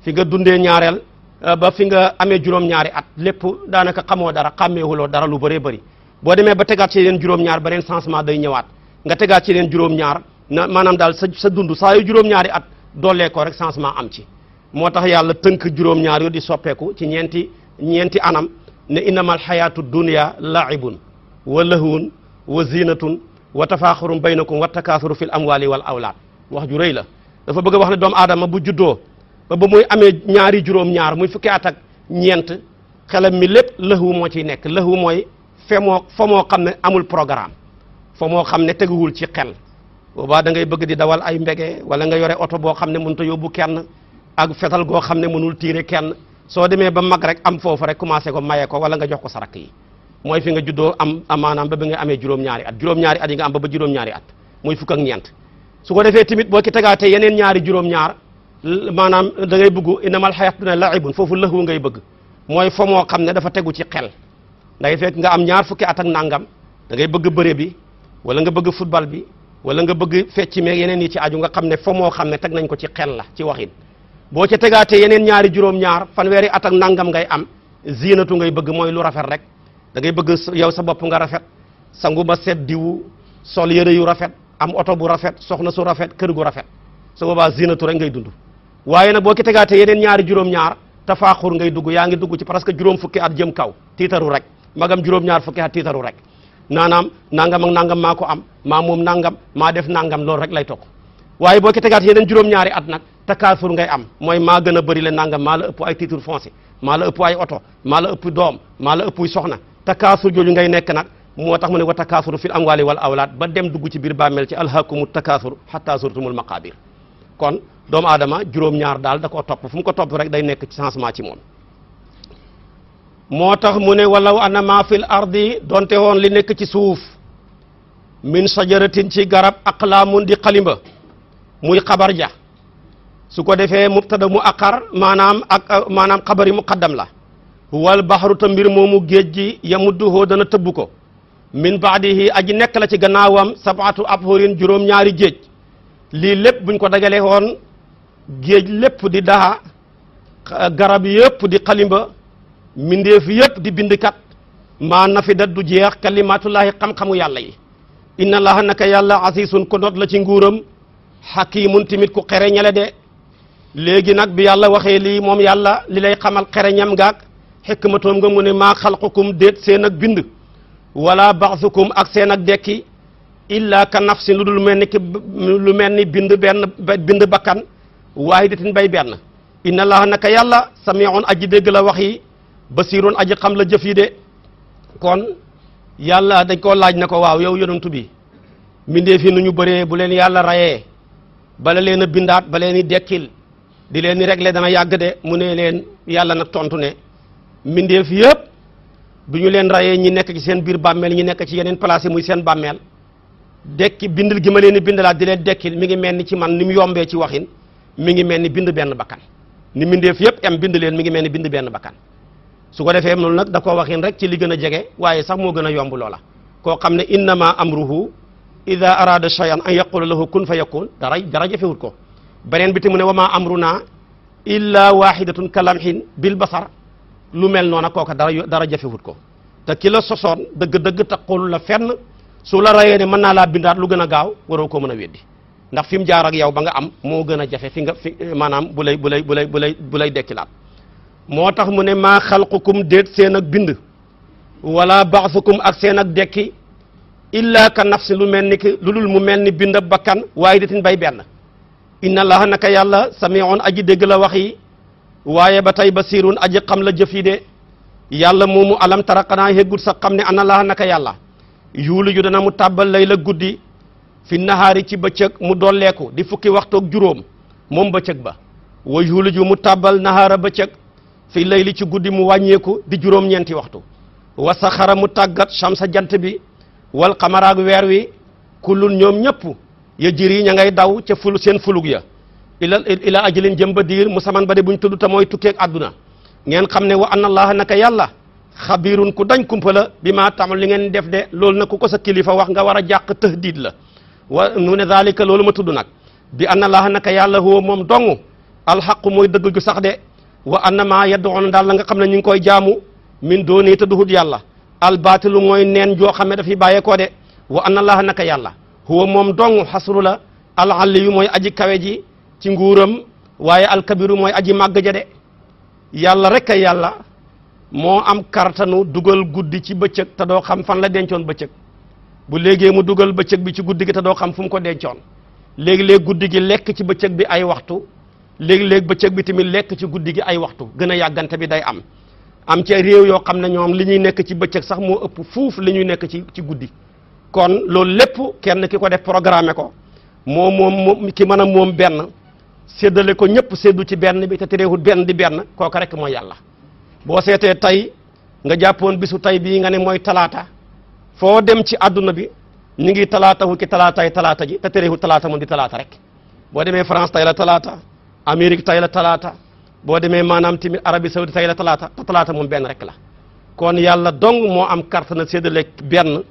fi nga dundee ñaareel euh, ba fi nga amee juróom-ñaari at lépp daanaka xamoo dara xàmmeewuloo dara lu bëree bëri boo demee ba tegaat ci leen juróom-ñaar beneen changement day ñëwaat nga tegaat ci leen juróom-ñaar na maanaam daal sa sa dund saa yu juróom-ñaari at doolee ko rek changement am ci moo tax yàlla tënk juróom-ñaar yu di soppeeku ci ñeenti ñeenti anam ne innamal xayaatu dunya laibun wa lahwun wa zinatun wa tafaaxurun baynakum wa takaasuru fil amwali wal awlaad wax ju rëy la dafa bëgg a wax ne doomu aadama bu juddoo ba ba muy amee ñaari juróom-ñaar muy fukki atak ñeent xelam mi lépp lëxwu moo ciy nekk lëxwu mooy fe moo fa moo xam ne amul programme foo moo xam ne teguwul ci xel boobaa da ngay bëgg di dawal ay mbege wala nga yore oto boo xam ne mënut a yóbbu kenn ak fetal goo xam ne mënul tiire kenn soo demee ba mag rek am foofu rek commencé ko maye ko wala nga jox ko sarak yi mooy fi nga juddoo am maanaam ba bi nga amee ñaari at juróom-ñaari at nga am ba ba juróom-ñaari at muy fukk ak ñeent su ko defee tamit boo ci tegaatee yeneen ñaari juróom-ñaar maanaam da ngay bëgg innamal xayatuna laibun foofu lëxwu ngay bëgg mooy fo moo xam ne dafa tegu ci xel nday fekk nga am ñaar fukki at nangam da ngay bëgg bëre bi wala nga bëgg football bi wala nga bëgg fecc meeg yeneen yi ci aju nga xam ne fo moo xam ne teg nañ ko ci xel la ci waxin boo ca tegaatee yeneen ñaari juróom-ñaar fanweeri at ak nangam ngay am ziinatu ngay bëgg mooy lu rafet rek da ngay bëgg yow sa bopp nga rafet sangu ba set diwu sol yëre yu rafet am oto bu rafet soxna su rafet kër gu rafet su boobaa zinatu rek ngay dund waaye nag boo ki tegaate yeneen ñaari juróom-ñaar tafaaxur ngay dugg yaa ngi dugg ci que juróom fukki at jëm kaw tiitaru rek magam juróom-ñaar fukki at tiitaru rek naanaam nangam ak nangam maa ko am maa moom nangam maa def nangam loolu rek lay toog waaye boo ki tegaate yeneen juróom-ñaari at nag takaafur ngay am mooy maa gën a bëri le nangam maa la ëpp ay titre foncier maa la ëpp oto maa la ëpp doom maa la ëpp soxna takaafur jooju ngay nekk nag moo tax mu ne wa takaasuru fil amwaali wal awlaad ba dem dugg ci biir bàmmeel ci alhaakumu takaasur hatta zurtumul maqaabir kon doomu aadama juróom-ñaar daal da koo topp fu mu ko topp rek day nekk ci changement ci moom moo tax mu ne walaw anna maa fil ardi donte woon li nekk ci suuf min sajaratin ci garab aqlaamun di xalimba muy xabar ja su ko defee mubtada mu akar maanaam ak euh, maanaam yi mu xaddam la wal baxru ta mbir moomu géej gi yamudduhu dana tëbb ko min baadihi aji nekk la ci gannaawam sabaatu abhurin juróom-ñaari géej lii lépp buñ ko dagalee woon géej lépp di daha garab yëpp di xalimba mindeef yëpp di bindkat maa nafidat du jeex kalimatullahi xam-xamu yàlla yi inna allaha naka yàlla asisun ko not la ci nguuram xakimun timit ku xere ñele de léegi nag bi yàlla waxee moom yàlla li lay xamal xere ñam ngaak xikmatoom nga mu ne maa xalqukum déet seen ak bind wala baxsukum ak seen ak dekki illa ka nafsin lu du mel ni ki lu mel ni bind benn bind bakkan waahidatin bay benn inna allaha naka yàlla samiun aji dégg la wax yi basirun aji xam la jëf yi de kon yàlla dañ koo laaj na ko waaw yow yonantu bi mbindee fi nu ñu bëree bu leen yàlla rayee bala leen a bindaat ba leen i dekkil di leen i régler dana yàgg de mu ne leen yàlla nag tontu ne mbindee fi yëpp du ñu leen rayee ñi nekk ci seen biir bàmmeel ñi nekk ci yeneen place yi muy seen bàmmeel dekki bindal gi ma leen di bindalaat di leen dekkil mi ngi mel ni ci man ni mu yombee ci waxin mi ngi mel ni bind benn bakkan ni mbindeef yëpp am bind leen mi ngi mel ni bind benn bakkan su ko defee loolu nag da koo waxin rek ci li gën a jege waaye sax moo gën a yomb loola koo xam ne innama amruhu ida arada shay'an an yaqula lahu kun fa yakun dara dara jafewut ko beneen bi ti mu ne wa ma amruna illa wahidatun kalamhin bil basar lu mel noona kooka dara dara jafewut ko te ki la sosoon dëgg-dëgg taqul la fen su la rayee ne mën naa laa bindaat lu gën a gaaw waroo koo mën a weddi ndax fi mu jaar ak yow ba nga am moo gën a jafe fi nga fi maanaam bu lay bu lay bu lay bu lay bu lay dekkilaat moo tax mu ne maa xalqukum déet seen ak bind wala baxsukum ak seen ak dekki illa ka nafsi lu mel ni ki lu dul mu mel ni bind bakkan waaye ditin bay benn inna allaha naka yàlla samiun aji dëgg la wax yi waaye ba tey basiirun aji xam la jëf yi de yàlla moomu alam tara xanaa xéggut sa xam ne ana laa naka yàlla yuulu ju dana mu tàbbal lay la guddi fi nahaari ci bëccëg mu dolleeku di fukki waxtoog juróom moom bëccëg ba wa yuulu ju mu tàbbal nahaara bëccëg fi li ci guddi mu wàññeeku di juróom-ñeenti waxtu wa saxara mu tàggat shamsa jant bi wal xamaraag weer wi kullun ñoom ñëpp ya jiri a ngay daw ca ful seen fulug ya ila ila ajalin jëm ba diir mu saman ba de buñ tudd te mooy tukkeeg àdduna ngeen xam ne wa anna allaha naka yàlla xabirun ku dañ kumpa la bi maa tamal li ngeen def de loolu nag ku ko sa kilifa wax nga war a jàq la wa mu ne zalika loolu ma tudd nag bi anna allaha naka yàlla huwa moom dong alxaqu mooy dëgg ju de wa anna maa yad'uuna daal la nga xam ne ñu ngi koy jaamu min dooni te duhut yàlla albaatilu mooy neen joo xam ne dafay bàyyeekoo de wa anna allaha naka yàlla huwa moom dong la alaliyu mooy aji kawe ci nguuram waaye alkabiru mooy aji màgg ja de yàlla rek a yàlla moo am kartanu dugal guddi ci bëccëg te doo xam fan la dencoon bëccëg bu léegee mu dugal bëccëg bi ci guddi gi te doo xam fu mu ko dencoon léegi-léeg guddi gi lekk ci bëccëg bi ay waxtu léegi-léeg bëccëg bi tamit lekk ci guddi gi ay waxtu gën a yàggante bi day am am ci réew yoo xam ne ñoom li ñuy nekk ci bëccëg sax moo ëpp fuuf li ñuy nekk ci ci guddi kon loolu lépp kenn ki ko def programme ko moom moom mën a moom benn séddale ko ñëpp séddu ci benn bi te tereewut benn di benn kooka rek mooy yàlla boo seetee tey nga jàppoon bisu tey bii nga ne mooy talaata foo dem ci àdduna bi ñu ngi talaatawu ki talaatay talaata ji te tereewut talaata moom di talaata rek boo demee France tey la talaata Amérique tey la talaata boo demee maanaam tamit arabi Saoudite tey la talaata te talaata moom benn rek la kon yàlla dong moo am carte na séddale benn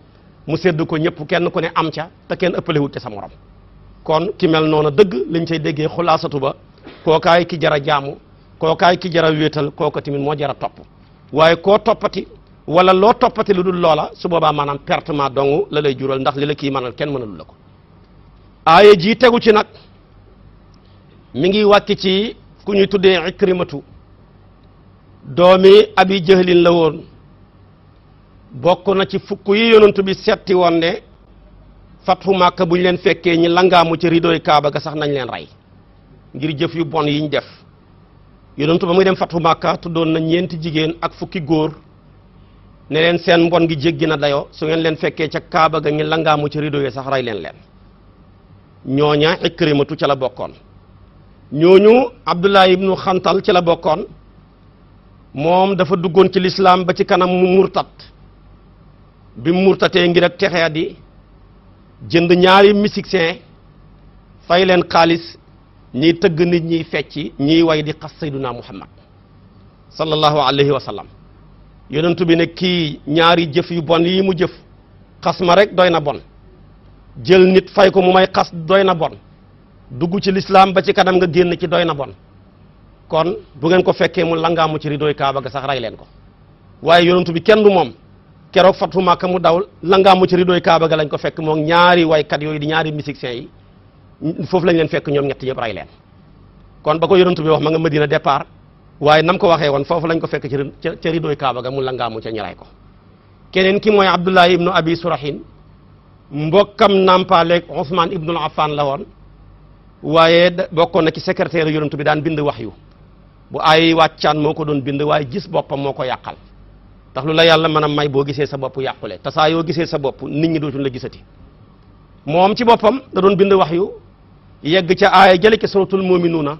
mu séddu ko ñëpp kenn ku ne am ca te kenn ëppalewut ca sa kon ki mel noona dëgg lañ cay déggee xulaasatu ba kookaay ki jara jaamu kookaay ki jara wéetal kooka tamit moo jara topp waaye koo toppati wala loo toppati lu dul loola su boobaa maanaam pertement dong la lay jural ndax li la kii mënal kenn mënalul la ko aaya jii tegu ci nag mi ngi wàcc ci ku ñuy tuddee ikrimatu doomi abi jëhlin la woon bokk na ci fukk yi yonantu bi setti woon ne fatxu màkka ñu leen fekkee ñi langaamu ci ridoy kaaba ga sax nañ leen rey ngir jëf yu bon yiñ def yonentu ba muy dem fatxu màkka tuddoon na ñeenti jigéen ak fukki góor ne leen seen mbon gi jéggi na dayo su ngeen leen fekkee ca kaaba ga ñi langaamu ci rido sax rey leen leen ñooña ikrimatu ca la bokkoon ñooñu abdullah ibnu xantal ca la bokkoon moom dafa duggoon ci lislaam ba ci kanam mu murtat bi mu murtatee ngir ak texee jënd ñaari musicien fay leen xaalis ñiy tëgg nit ñiy fecci ñiy way di xas sayduna muhammad sallallahu alayhi wa sallam yonentu bi ne kii ñaari jëf yu bon yi mu jëf xas ma rek doy na bon jël nit fay ko mu may xas doy na bon dugg ci lislaam ba ci kanam nga génn ci doy na bon kon bu ngeen ko fekkee mu langaamu ci ridoy kaaba ga sax rey leen ko waaye yonentu bi kenn moom keroog fatu Màkka mu daw langaamu ci ridoy Kaaba ga lañ ko fekk moom ñaari waykat yooyu di ñaari musiciens yi foofu lañ leen fekk ñoom ñetti ñëpp ray leen kon ba ko yonantu bi wax ma nga Madina départ waaye nam ko waxee woon foofu lañ ko fekk ci ca ridoy Kaaba ga mu langaamu ca ñaray ko keneen ki mooy Abdullahi ibnu Abi Surahin mbokkam nampaaleeg Ousmane ibnul Affan la woon waaye bokkoon na ci secrétaire yonantu bi daan bind wax yu bu ay wàccaan moo ko doon bind waaye gis boppam moo ko yàqal ndax lu la yàlla mën a may boo gisee sa bopp yàqule te saa yoo gisee sa bopp nit ñi dootuñ la gisati moom ci boppam da doon bind wax yu yegg ca aaya jële ci suratul muminuuna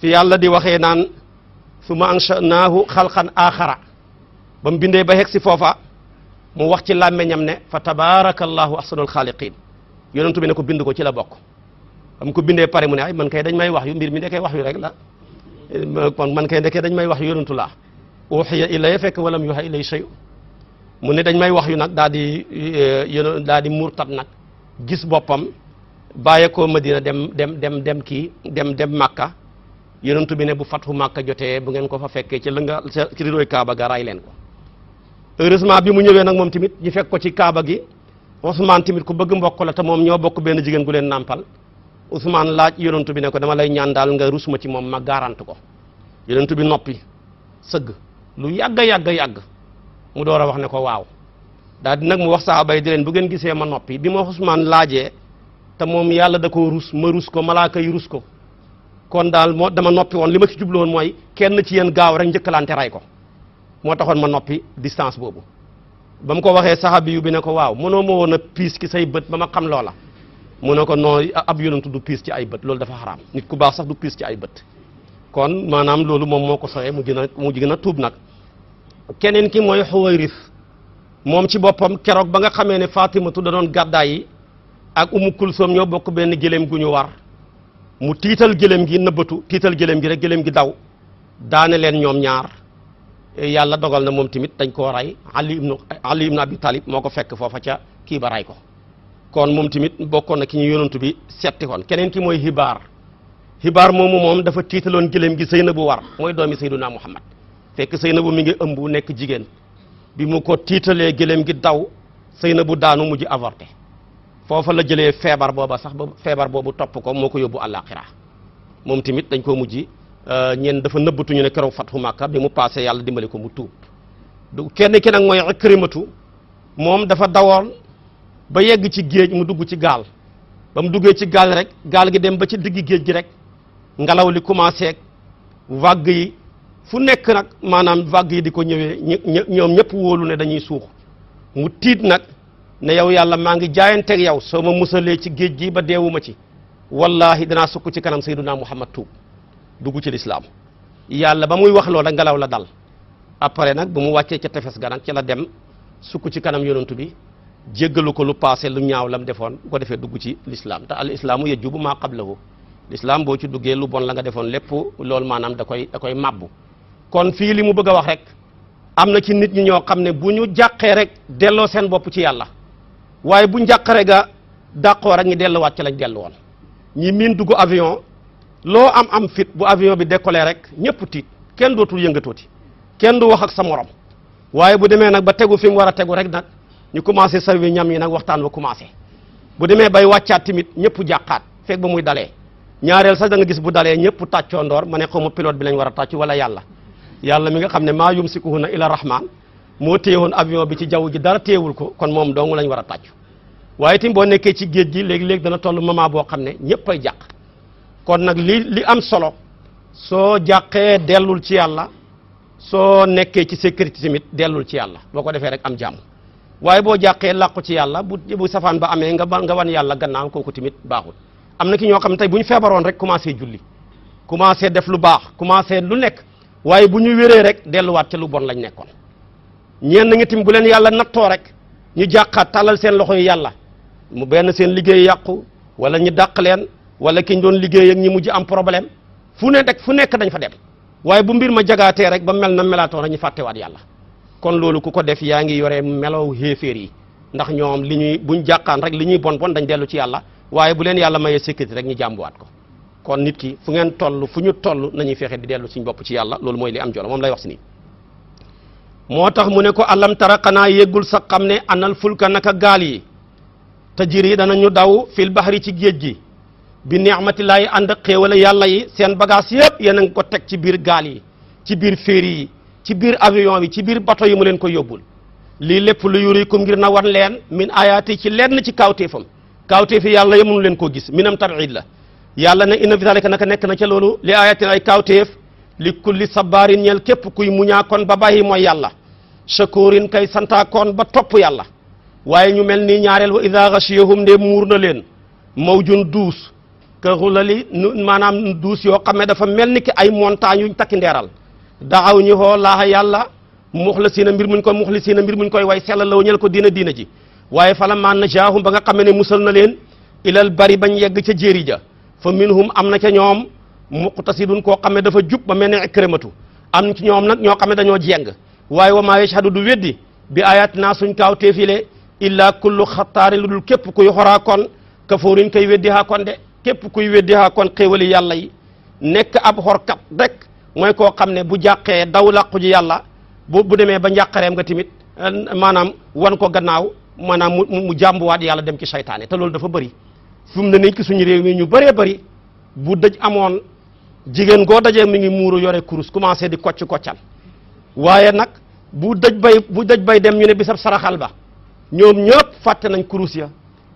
fi yàlla di waxee naan summa anshanaahu xalqan axara ba mu bindee ba yegg si foofa mu wax ci làmmeñam ne fa tabarakallahu ahsanul xaaliqin yonentu bi ne ko bind ko ci la bokk am ko bindee pare mu ne ay man kay dañ may wax yu mbir mi nekkee wax yu rek la eh, man kay dañ may wax yu yonentu uxiya ilaya fekk walam yuha ilay shay mu ne dañ may wax yu nag daal di eh, yéen daa di murtat nag gis boppam bàyyeekoo Madina dem dem dem dem kii dem dem Makka yonentu bi ne bu fat fatxu Makka jotee bu ngeen ko fa fekkee ci lënga ci ridooy Kaaba ga leen ko heureusement bi mu ñëwee nag moom tamit ñu fekk ko ci Kaaba gi Ousmane tamit ku bëgg mbokk la te moom ñoo bokk benn jigéen gu leen nàmpal Ousmane laaj yonentu bi ne ko dama lay ñaan daal nga rus ma ci moom ma garante ko yonentu bi noppi sëgg lu yàgg yàgg yàgg mu door a wax ne ko waaw daal di nag mu wax saxaaba yi di leen bu ngeen gisee ma noppi bi ma Usmaan laajee te moom yàlla da ko rus ma rus ko malaaka yi rus ko kon daal moo dama noppi woon li ma ci jubloon mooy kenn ci yéen gaaw rek njëkkalante rey ko moo taxoon ma noppi distance boobu ba mu ko waxee saxaabi yu bi ne ko waaw mënoo ma woon a piis ki say bët ba ma xam loola mu ne ko noo ab yonent du piis ci ay bët loolu dafa xaraam nit ku baax sax du ci ay bët kon maanaam loolu moom moo ko soxee mu gën a mu gën tuub nag keneen ki mooy Xuwayrith moom ci boppam keroog ba nga xamee ne Fatimatu da doon gàddaa yi ak Umu Kulsoom ñoo bokk benn gëléem gu ñu war mu tiital gëléem gi nëbbatu tiital gëléem gi rek gëléem gi daw daane leen ñoom ñaar eh, yàlla dogal na moom tamit dañ koo rey Ali ibnu Ali na Abi Talib moo ko fekk foofa ca kii ba rey ko kon moom tamit bokkoon na ki ñu yonantu bi setti kon keneen ki mooy xibaar xibaar moomu moom dafa tiitaloon gëléem gi na Seynabu war mooy doomi Seydunaa Muhammad fekk Seynabu mi ngi ëmb nekk jigéen bi mu ko tiitalee gëléem gi daw sëy na bu daanu mujj avorté foofa la jëlee feebar booba sax ba feebar boobu topp ko moo ko yóbbu àllaaxira moom tamit dañ koo mujj euh, ñeen dafa nëbbatuñu ne keroog fatxu Màkka bi mu passé yàlla dimbali ko mu tuub du kenn ki nag mooy Ikrimatu moom dafa dawoon ba yegg ci géej mu dugg ci gaal ba duggee ci gaal rek gaal gi dem ba ci digg géej gi rek ngelaw li commencé ak yi fu nekk nag maanaam vague yi di ko ñëwee ñoom ñëpp woolu ne dañuy suux mu tiit nag ne yow yàlla maa ngi jaayanteeg yow soo ma musalee ci géej gi ba deewuma ci wallahi danaa sukk ci kanam sayyiduna muhammad tuub dugg ci lislaam yàlla ba muy wax loola ngelaw la dal après nag bu mu wàccee ca tefes ga nag ci la dem sukk ci kanam yonantu bi jéggalu ko lu paase lu ñaaw la mu defoon bu ko defee dugg ci lislaam te al islaamu yajubu maa qablahu lislaam boo ci duggee lu bon la nga defoon lépp loolu maanaam da koy da koy màbbu kon fii li mu bëgg a wax rek am na ci nit ñi ñoo xam ne bu ñu jàqee rek delloo seen bopp ci yàlla waaye bu njàqare ga dàqoo rek ñu delluwaat ci lañ dellu woon ñi miin dugg avion loo am am fit bu avion bi décollé rek ñëpp tiit kenn dootul yëngatooti kenn du wax ak sa morom waaye bu demee nag ba tegu fi mu war a tegu rek nag ñu commencé sawi ñam yi nag waxtaan ba commencé bu demee bay wàccaat tamit ñëpp jàqaat fekk ba muy dalee ñaareel sax da nga gis bu dalee ñëpp tàccoo ndoor ma ne xaw ma pilote bi lañ war a tàcc wala yàlla yàlla mi nga xam ne maa yumsikuhunna illa rahman moo téyewoon avion bi ci jaww ji dara téyewul ko kon moom dong lañ war a tàcc waaye tim boo nekkee ci géej gi léegi-léegi dana toll moment boo xam ne ñëpp ay jàq kon nag li li am solo soo jàqee dellul ci yàlla soo nekkee ci sécurité tamit dellul ci yàlla boo ko defee rek am jàmm waaye boo jàqee làqu ci yàlla bu bu safaan ba amee nga nga wan yàlla gannaaw kooku tamit baaxul am na ki ñoo xam ne tey bu ñu feebaroon rek commencé julli commencé def lu baax commencé lu nekk waaye bu ñu wéree rek delluwaat ca lu bon lañ nekkoon ñenn ñi tim bu leen yàlla nattoo rek ñu jàqaat tàllal seen loxo yi yàlla mu benn seen liggéey yàqu wala ñu dàq leen wala ki ñu doon liggéey ak ñi mujj am problème fu ne rek fu nekk dañ fa dem waaye bu mbir ma jagaatee rek ba mel na melaatoon rek ñu fàttewaat yàlla kon loolu ku ko def yaa ngi yore melow xéeféer yi ndax ñoom li ñuy buñ jàqaan rek li ñuy bon bon dañ dellu ci yàlla waaye bu leen yàlla mayee sécurité rek ñu jàmbuwaat ko kon nit ki fu ngeen toll fu ñu toll nañuy fexe di dellu suñ bopp ci yàlla loolu mooy li am jolo moom lay wax si nii moo tax mu ne ko alam tara xanaa yéggul sa xam ne anal fulka naka gaal yi te jir yi danañu daw fil baxari ci géej gi bi ni'matillahi ànd xéewale yàlla yi seen bagage yëpp yéen a ngi ko teg ci biir gaal yi ci biir féeri yi ci biir avion yi ci biir bato yi mu leen ko yóbbul lii lépp lu yurikum ngir na wan leen min ayaati ci lenn ci kawtéefam kawtee fi yàlla ya leen koo gis minam tarid la yàlla ne inna fi zalika naka nekk na ca loolu li ayatin ay kawteef li kulli sabaarin ñeel képp kuy koon ba bàyyi mooy yàlla shakurin kay santaakoon ba topp yàlla waaye ñu mel ni ñaareel wa idaa ghashiyahum ndee muur na leen mawjun duus ka xulali maanaam duus yoo xam ne dafa mel ni ki ay montagne yuñ takki ndeeral daaw ñu xoo laaxa yàlla muxlisiina mbir muñ ko muxlisiina mbir muñ koy way sella law ñel ko diina diina ji waaye fala maa najaahum ba nga xam ne musal na leen ilal bari bañ yegg ca jéeri ja fa minhum am na ca ñoom muqtasidun koo ne dafa jub ba mel ne ikrimatu am ci ñoom nag ñoo xam xamee dañoo jeng waaye wa maa yashhadu du weddi bi ayatina suñ kaaw teefile illa kullu xattaari lu dul képp kuy xoraa kon kafoorin kay weddi haa kon de képp kuy weddi haa kon xéewali yàlla yi nekk ab xorkat rek mooy koo xam ne bu jàqee daw làqu ji yàlla bu bu demee ba njàqareem nga tamit eh, maanaam wan ko gannaaw maanaam mu mu jàmbuwaat yàlla dem ci saytaane te loolu dafa bëri fi ne nañ ki suñu réew mi ñu bëree bëri bu dëj amoon jigéen goo dajee mi ngi muuru yore kurus commencé di kocc koccal waaye nag bu dëj bay bu dëj bay dem ñu ne bisab saraxal ba ñoom ñëpp fàtte nañ kurus ya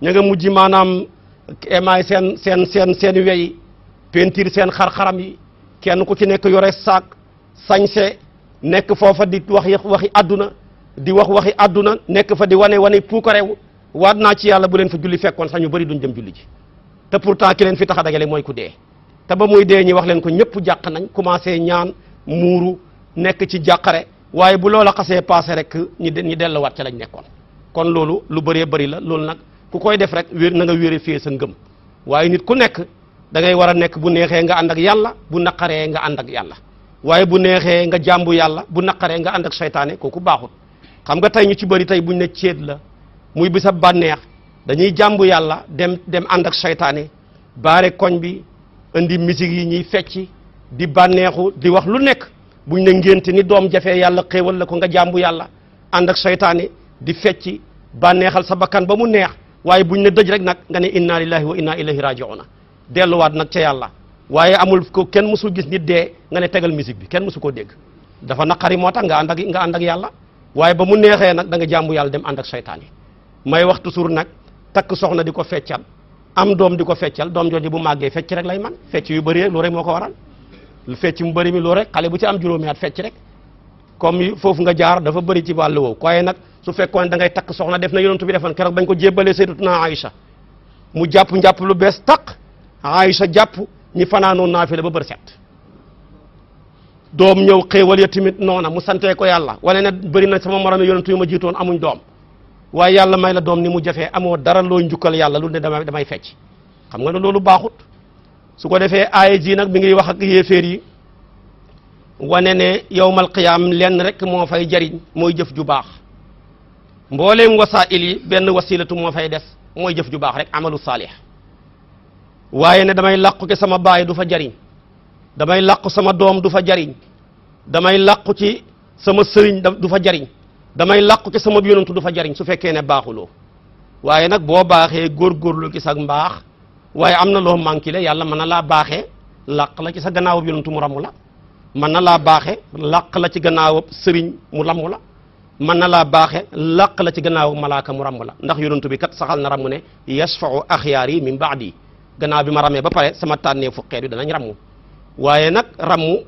ña nga mujj maanaam émaay seen seen seen seen wey peinture seen xar yi kenn ku ci nekk yore saak sañse nekk foofa di wax waxi àdduna di wax waxi àdduna nekk fa di wane wane puukarewu waat naa ci yàlla bu leen fa julli fekkoon sax ñu bëri duñ dem julli ji te pourtant ki leen fi tax a dagale mooy ku dee te ba muy dee ñi wax leen ko ñëpp jàq nañ commencé ñaan muuru nekk ci jàqare waaye bu loola xasee passé rek ñi ñi delluwaat ca lañ nekkoon kon loolu lu bëree bëri la loolu nag ku koy def rek wér na nga vérifier sa ngëm waaye nit ku nekk da ngay war a nekk bu neexee nga ànd ak yàlla bu naqaree nga ànd ak yàlla waaye bu neexee nga jàmbu yàlla bu naqaree nga ànd ak seytaane kooku baaxut xam nga tey ñu ci bëri tey buñ ne céet la muy bisa bànneex dañuy jàmbu yàlla dem dem ànd ak seytaane bare koñ bi indi musique yi ñuy fecci di bànneexu di wax lu nekk buñ ne ngénte ni doom jafe yàlla xéewal la ko nga jàmbu yàlla ànd ak seytaane di fecci bànneexal sa bakkan ba mu neex waaye buñ ne dëj rek nag nga ne inna lillahi wa inna ilayhi raji'una delluwaat nag ca yàlla waaye amul ko kenn mësul gis ni dee nga ne tegal musique bi kenn mësu koo dégg dafa naqari moo tax nga ànd ak nga ànd ak yàlla waaye ba mu neexee nag da nga jàmbu yàlla dem ànd ak seytaan yi may wax toujours nag takk soxna di ko feccal am doom di ko feccal doom jooju bu màggee fecc rek lay man fecc yu bëri rek lu rek moo ko waral fecc mu bëri mi loo rek xale bu ci am juróomi at fecc rek comme foofu nga jaar dafa bëri ci wàllu woowu koye nag su fekkoon da takk soxna def na yonentu bi defoon keroog bañ ko jébbalee sayyidatuna Aïcha mu jàpp jàpp lu bees taq Aïcha jàpp ñi fanaanoon naafila ba bër set doom ñëw xéewal ya tamit noona mu santee ko yàlla wane ne bëri na sama morom yonentu tuy ma jiitoon amuñ doom waaye yàlla may la doom ni mu jafee amoo dara loo njukkal yàlla lu ne damay damay fecc xam nga ne loolu baaxut su ko defee aaya jii nag bi ngi wax ak yéeféer yi wane ne yowmal qiyaam lenn rek moo fay jariñ mooy jëf ju baax mbooleem wasaa'il yi benn wasilatu moo fay des mooy jëf ju baax rek amalu saalih waaye ne damay làqu ke sama baay du fa jariñ damay làqu sama doom du fa jariñ damay làqu ci sama sëriñ du fa jariñ damay làqu ci sama yonantu du fa jariñ su fekkee ne baaxuloo waaye nag boo baaxee góorgóorlu ci sa mbaax waaye am na loo manqué le yàlla mën na laa baaxe làq la ci sa gannaawab yonantu mu ramu la mën na laa baaxee làq la ci gannaawab sëriñ mu ramu la mën na laa baaxee làq la ci gannaaw malaaka mu ramm la ndax yonantu bi kat saxal na ramm ne yashfau axyaar yi min baadi gannaaw bi ma ramee ba pare sama tànnee fu xeet danañ ramm waaye nag rammu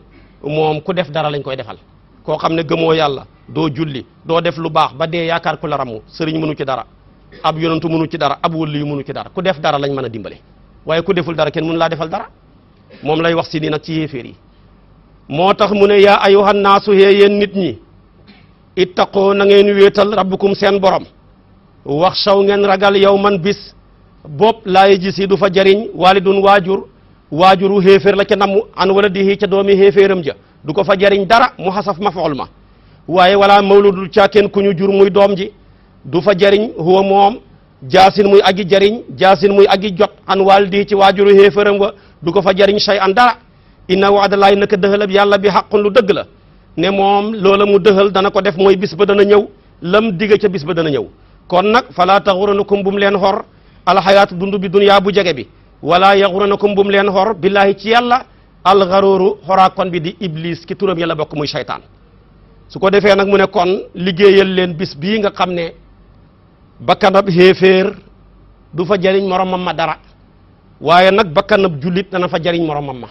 moom ku def dara lañ koy defal koo xam ne gëmoo yàlla doo julli doo def lu baax ba dee yaakaar ku la rammu sëriñ mënu ci dara ab yonantu mënu ci dara ab wëllu yu mënu ci dara ku def dara lañ mën a dimbale waaye ku deful dara kenn mënu laa defal dara moom lay wax si nii nag ci yéeféer yi moo tax mu ne yaa ayuhan naasu hee yéen nit ñi ittaqoo na ngeen wéetal rabbukum seen borom wax saw ngeen ragal yow man bis bopp laay ji si du fa jariñ walidun waajur waajuru xéeféer la ca namm an wala di ca doomi xéeféeram ja du ko fa jariñ dara mu xasaf mafool ma waaye wala mawludul caa kenn ku ñu jur muy doom ji du fa jariñ huwa moom jaasin muy aji jariñ jaasin muy aji jot an waaldi ci waajuru xéeféeram wa du ko fa jariñ shay an dara inna waadalaay naka dëxalab yàlla bi xaqun lu dëgg la ne moom loola mu dëxal dana ko def mooy bis ba dana ñëw lam digga ca bis ba dana ñëw kon nag falaa taxurunakum bu mu leen xor alxayaatu dund bi duniyaa bu jege bi wala yaxuranakum bu mu leen xor billaahi ci yàlla alxaruuru kon bi di iblis ki turam la bokk muy seytaan su ko defee nag mu ne kon liggéeyal leen bis bii nga xam ne bakkanab xéeféer du fa jariñ moromam ma dara waaye nag bakkanab jullit dana fa jariñ moromam ma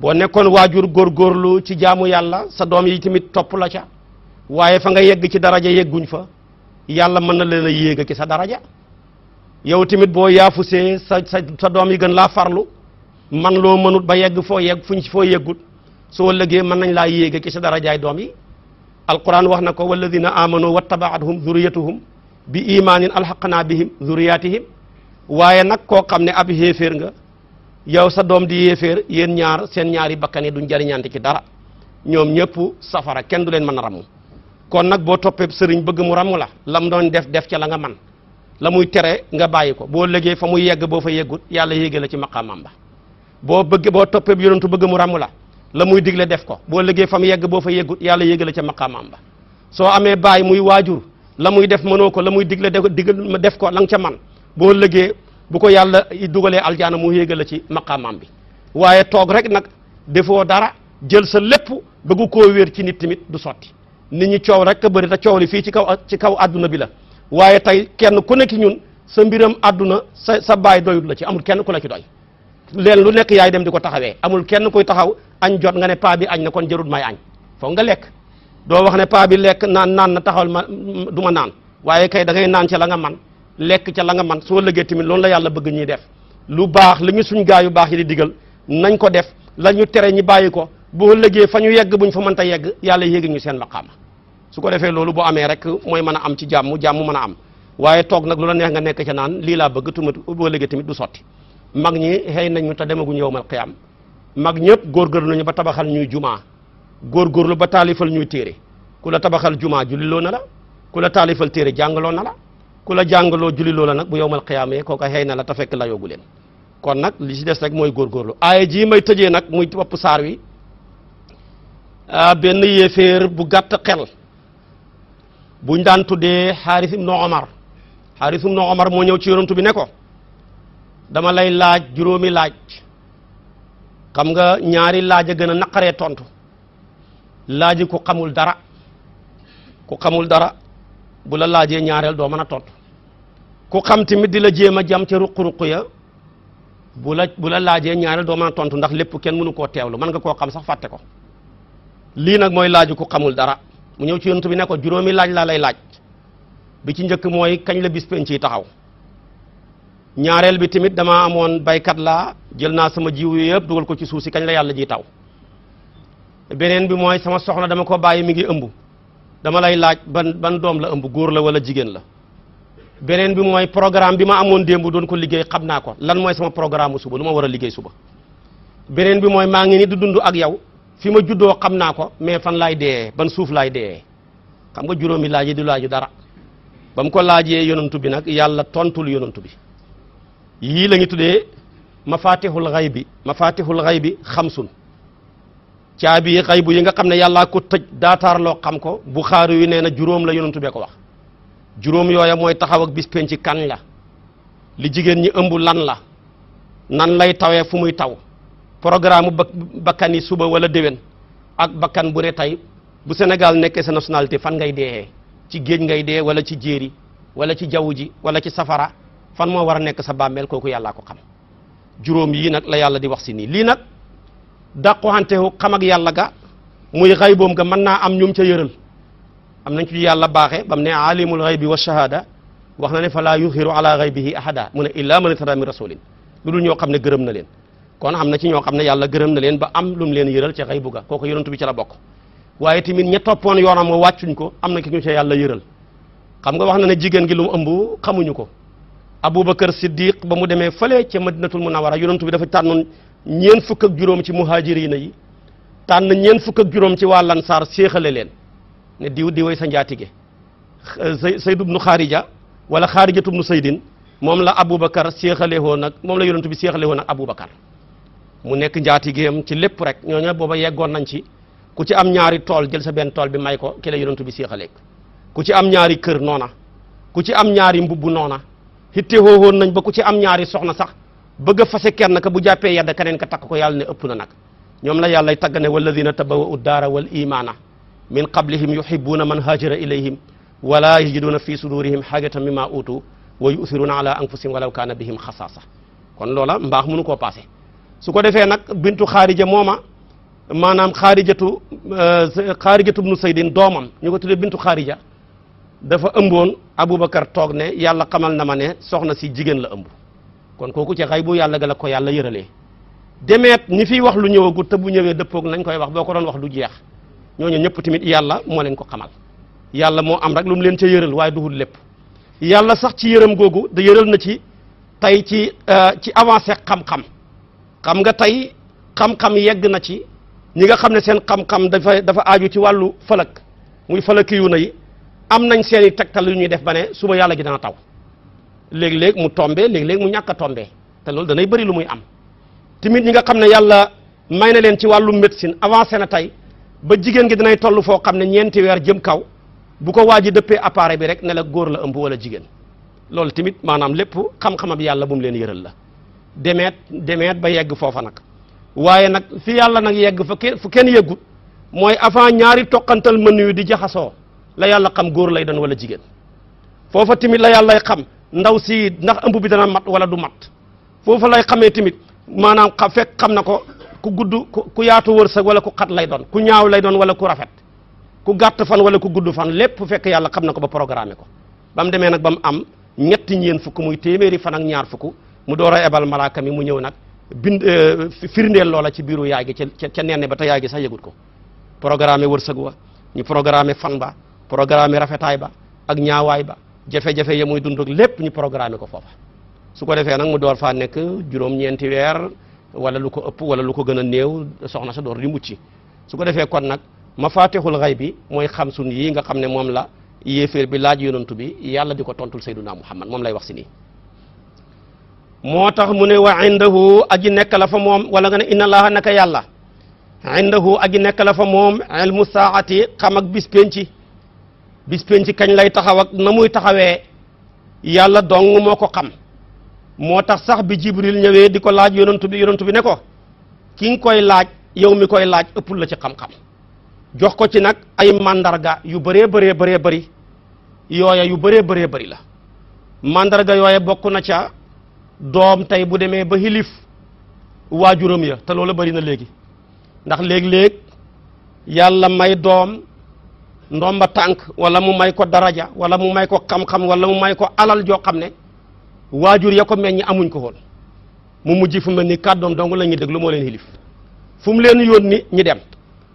boo nekkoon waajur góorgóorlu ci jaamu yàlla sa doom yi tamit topp la ca waaye fa nga yegg ci daraja yegguñ fa yàlla mën na leen a yéega ki sa daraja yow tamit boo yaafusee sa sa sa doom yi gën laa farlu man loo mënut ba yegg foo yegg fuñ foo yeggut soo lëggee mën nañ laa yéege ci sa dara jaay doom yi alquran wax na ko walladina amanu wattabaatuhum zuriyatuhum bi imaanin alxaqnaa bihim zuriyatihim waaye nag koo xam ne ab xéeféer nga yow sa doom di yéeféer yéen ñaar seen ñaari bakkan yi duñ jariñante ci dara ñoom ñëpp safara kenn du leen mën a ramm kon nag boo toppee sëriñ bëgg mu ramm la lam doon def def ca la nga man la muy tere nga bàyyi ko boo légee fa muy yegg boo fa yeggut yàlla yéege la ci maqaamam ba boo bëgg boo toppee yonentu bëgg mu ràmmu la la muy digle def ko boo légee fa mu yegg boo fa yeggut yàlla yéege la ca maqaamam ba soo amee bàyyi muy waajur la muy def mënoo ko la muy digle def digal def ko la nga ca man boo légee bu ko yàlla dugalee aljaana mu yéege la ci maqaamam bi waaye toog rek nag defoo dara jël sa lépp bëggu koo wéer ci nit tamit du sotti nit ñi coow rek bëri te coow li fii ci kaw ci kaw àdduna bi la waaye tey kenn ku nekk ñun sa mbiram àdduna sa sa baay doyut la ci amul kenn ku la ci doy leen lu nekk yaay dem di ko taxawee amul kenn kuy taxaw añ jot nga ne paa bi añ na kon jarut may añ foog nga lekk doo wax ne paa bi lekk naan naan na taxawal ma du ma naan waaye kay da ngay naan ca la nga man lekk ca la nga man soo lëggee tamit loolu la yàlla bëgg ñuy def lu baax li ñu suñ gaa yu baax yi di digal nañ ko def la ñu tere ñi bàyyi ko boo lëggee fa ñu yegg buñ fa mënta yegg yàlla yéegi ñu seen maqaama su ko defee loolu bu amee rek mooy mën a am ci jàmm jàmm mën a am waaye toog nag lu la neex nga nekk ca naan lii laa bëgg tumat boo léegi tamit du sotti mag ñi xëy ñu te demaguñ yow mal xiyaam mag ñëpp góorgóorlu nañu ba tabaxal ñuy jumaa góorgóorlu ba taalifal ñuy téere ku la tabaxal jumaa juliloo na la ku la taalifal téere jàngaloo na la ku la jàngaloo loo la nag bu yowmal xiyaamee kooka xëy na la te fekk la yoogu leen kon nag li ci des rek mooy góorgóorlu aaya jii may tëjee nag muy bopp saar wi ah, benn yéeféer bu gàtt xel buñ daan tuddee xaaris ibnu omar xaaris ibnu moo ñëw ci yonantu bi ne ko dama lay laaj juróomi laaj xam nga ñaari laaj a gën a naqaree tontu laaji ku xamul dara ku xamul dara bu la laajee ñaareel doo mën a tontu ku xam tamit di la jéem a jam ca ruq-ruq ya bu la bu la laajee ñaareel doo mën na tontu ndax lépp kenn mënu koo teewlu mën nga koo xam sax fàtte ko lii nag mooy laaj ku xamul dara mu ñëw ci yonent bi ne ko juróomi laaj laa lay laaj bi ci njëkk mooy kañ la bis penc yi taxaw ñaareel bi tamit dama amoon baykat laa jël naa sama jiw yëpp dugal ko ci suuf si kañ la yàlla ji taw beneen bi mooy sama soxna dama ko bàyyi mi ngi ëmbu dama lay laaj ban ban doom la ëmbu góor la wala jigéen la beneen bi mooy programme bi ma amoon démb doon ko liggéey xam naa ko lan mooy sama programme suba lu ma war a liggéey suba beneen bi mooy maa ngi ni di dund ak yow fi ma juddoo xam naa ko mais fan laay dee ban suuf laay dee xam nga juróomi laaj yi du laaju dara bam ko laajee yonantu bi nag yàlla tontul yonantu bi yii la ñu tuddee mafatihul xaybi mafatihul xaybi xamsun caabi xaybu yi nga xam ne yàllaa ko tëj daataarloo xam ko Buxaari wi nee na juróom la yonantu bee ko wax juróom yooya mooy taxaw ak bis penc kan la li jigéen ñi ëmb lan la nan lay tawee fu muy taw programme bakkan yi suba wala déwén ak bakkan bu ne tey bu senegal nekkese sa nationalité fan ngay deexee ci géej ngay dee wala ci jéeri wala ci jaww ji wala ci safara fan moo war a nekk sa bàmmeel kooku yàllaa ko xam juróom yii nag la yàlla di wax si nii lii nag dàquxantewu xam ak yàlla ga muy xayboom ga man naa am ñum ca yëral am nañ ci yàlla baaxee bam ne alimul xaybi wa shahada wax na ne fa laa yuxiru ala xaybihi ahada mu ne illa man irtada min rasulin lu dul ñoo xam ne gërëm na leen kon na ci ñoo xam ne yàlla gërëm na leen ba am lu mu leen yëral ca xëy bugga kooku yonent bi ci la waaye tamit ña toppoon yoonam nga wàccuñ ko am na ki ñu ca yàlla yëral xam nga wax na ne jigéen gi lu mu ëmb xamuñu ko aboubacar siddiq ba mu demee fële ca madinatul munawara yonent bi dafa tànnoon ñeen fukk ak juróom ci muhajirina yi tànn ñeen fukk ak juróom ci waa saar séexale leen ne diw diwoy sa njaatige sayd ibnu xaarija wala xaarijatu ibnu saydin moom la aboubacar séexale woon nag moom la yonent bi séexale woon nag aboubacar mu nekk njaatigeem ci lépp rek ñooñu nag booba yeggoon nañ ci ku ci am ñaari tool jël sa benn tool bi may ko ki la yonantu bi séexaleeg ku ci am ñaari kër noona ku ci am ñaari mbubb noona hitte hoohoon nañ ba ku ci am ñaari soxna sax bëgg a fase kenn ka bu jàppee yedd keneen ka takk ko yàlla ne ëpp na nag ñoom la yàllay tagg ne walladina tabawau daara wal imaana min qablihim yuhibuuna man haajara ilayhim wala yajiduuna fi sudurihim xaajatan mimma utu wa yu'thiruna ala anfusihim walaw kaana bihim xasaasa kon loola mbaax mënu koo passé su ko defee nag bintu xaarija mooma maanaam xaarijatu euh, xaarijatu bnu saydin doomam ñu ko tuddee bintu xaarija dafa ëmboon aboubacar toog ne yàlla xamal na ma ne soxna si jigéen la ëmb kon kooku ci xay bu yàlla ga ko yàlla yëralee demeet ñi fiy wax lu ñëwagut te bu ñëwee dëppoog nañ koy wax boo ko doon wax du jeex ñooñu ñëpp tamit yàlla moo leen ko xamal yàlla moo am rek lu leen ca yëral waaye duhul lépp yàlla sax ci yërëm googu da yëral na ci tey ci euh, ci avancé xam-xam xam nga tey xam-xam yegg na ci ñi nga xam ne seen xam-xam dafa dafa aaju ci wàllu falak muy falaki yu na yi am nañ seeni i tegtal yu ñuy def ba ne suba yàlla ji dana taw léegi léeg mu tombé léeg-léeg mu ñàkk a te loolu danay bëri lu muy am tamit ñi nga xam ne yàlla may na leen ci wàllu médecine avancé na tey ba jigéen gi danay toll foo xam ne ñeenti weer jëm kaw bu ko waa ji dëppee appareil bi rek ne la góor la ëmb wala jigéen loolu tamit maanaam lépp xam yàlla bu leen yëral la demeet demeet ba yegg foofa nag waaye nag fi yàlla nag yegg fa fu kenn yeggut mooy avant ñaari toqantal man yu di jaxasoo la yàlla xam góor lay doon wala jigéen foofa tamit la yàlla xam ndaw si ndax ëmb bi dana mat wala du mat foofa lay xamee tamit maanaam xam fekk xam na ko ku gudd ku yaatu wërsëg wala ku xat lay doon ku ñaaw lay doon wala ku rafet ku gàtt fan wala ku gudd fan lépp fekk yàlla xam na ko ba programme ko ba demee nag ba mu am ñetti ñeen fukk muy téeméeri fan ak ñaar fukk mu door a ebal malaakam mi mu ñëw nag bind euh, firndeel loola ci biiru yaay gi ca ca nenne ba te yaay gi sax yëgut ko programme wërsëg wa ñu programme fan ba programme rafetaay ba ak ñaawaay ba jafe-jafe ya muy dund lépp ñu programme ko foofa su ko defee nag mu door faa nekk juróom-ñeenti weer wala lu ko ëpp wala lu ko gën a néew soxna sa door di ci su ko defee kon nag ma mafatihul xay bi mooy xam sun yi nga xam ne moom la yéeféer bi laaj yonantu bi yàlla di ko tontul sayduna muhammad moom lay wax si nii moo tax mu ne wa indahu aji nekk la fa moom wala nga ne inna allaha naka yàlla indahu aji nekk la fa moom ilmu saati xam ak bis penci bis penci kañ lay taxawak na muy taxawee yàlla dong moo ko xam moo tax sax bi jibril ñëwee di ko laaj yonantu bi yonantu ne ko ki nga koy laaj yow mi koy laaj ëppul la ci xam-xam jox ko ci nag ay mandarga yu bëree bëree bëree bëri yooya yu bëree bëree bëri la mandarga yooya bokk na ca doom tey bu demee ba xilif waajuram ya te loola bari na léegi ndax léeg-léeg yàlla may doom ndoom ba tànk wala mu may ko daraja wala mu may ko xam-xam wala mu may ko alal joo xam ne waajur ya ko meññ amuñ ko woon mu mujj fu mel ni kàddoom dong la ñuy déglu moo leen xilif fu mu leen yónni ñi dem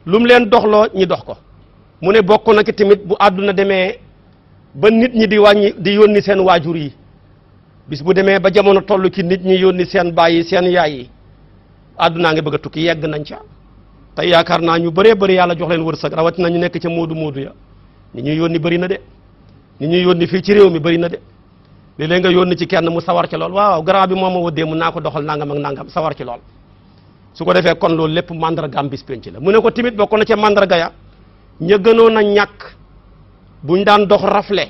lu mu leen doxloo ñi dox ko mu ne bokk na ki tamit bu àdduna demee ba nit ñi di wàññi di yónni seen waajur yi bis bu demee ba jamono toll ci nit ñi yónni seen baay yi seen yaay yi àddunaa ngi bëgg tukki yegg nañ ca te yaakaar naa ñu bëree bëri yàlla jox sa wërsëg na ñu nekk ca moodu moodu ya ni ñuy yónni bëri na de ni ñuy yónni fii ci réew mi bëri na de léeg nga yónni ci kenn mu sawar ci lool waaw grand bi moom ma wëddee mu naa ko doxal nangam ak nangam sawar ci lool su ko defee kon loolu lépp mandargaam bis penc la mu ne ko timit bokk na ca mandarga ya ña gënoon a ñàkk buñ daan dox rafle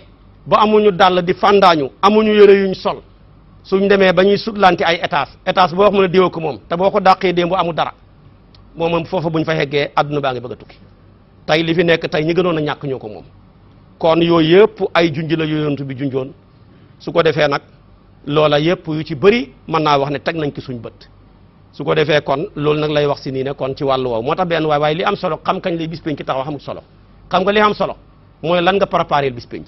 ba amuñu dàll di fàndaañu amuñu yëre yuñ sol suñ demee ba ñuy sutlante ay étage étage boo wax mën a diwa ko moom te boo ko dàqee démb amul dara moo moom foofa buñ fa heggee adduna baa ngi bëgg a tukki tey li fi nekk tey ñi gënoon na ñàkk ñoo ko moom kon yooyu yëpp ay junj la yoontu bi junjoon su ko defee nag loola yëpp yu ci bëri mën naa wax ne teg nañ ki suñ bët su ko defee kon loolu nag lay wax si nii ne kon ci wàllu woowu moo tax benn waay waaye li am solo xam kañ lay bis penc taxaw xamul solo xam nga li am solo mooy lan nga préparé bis penc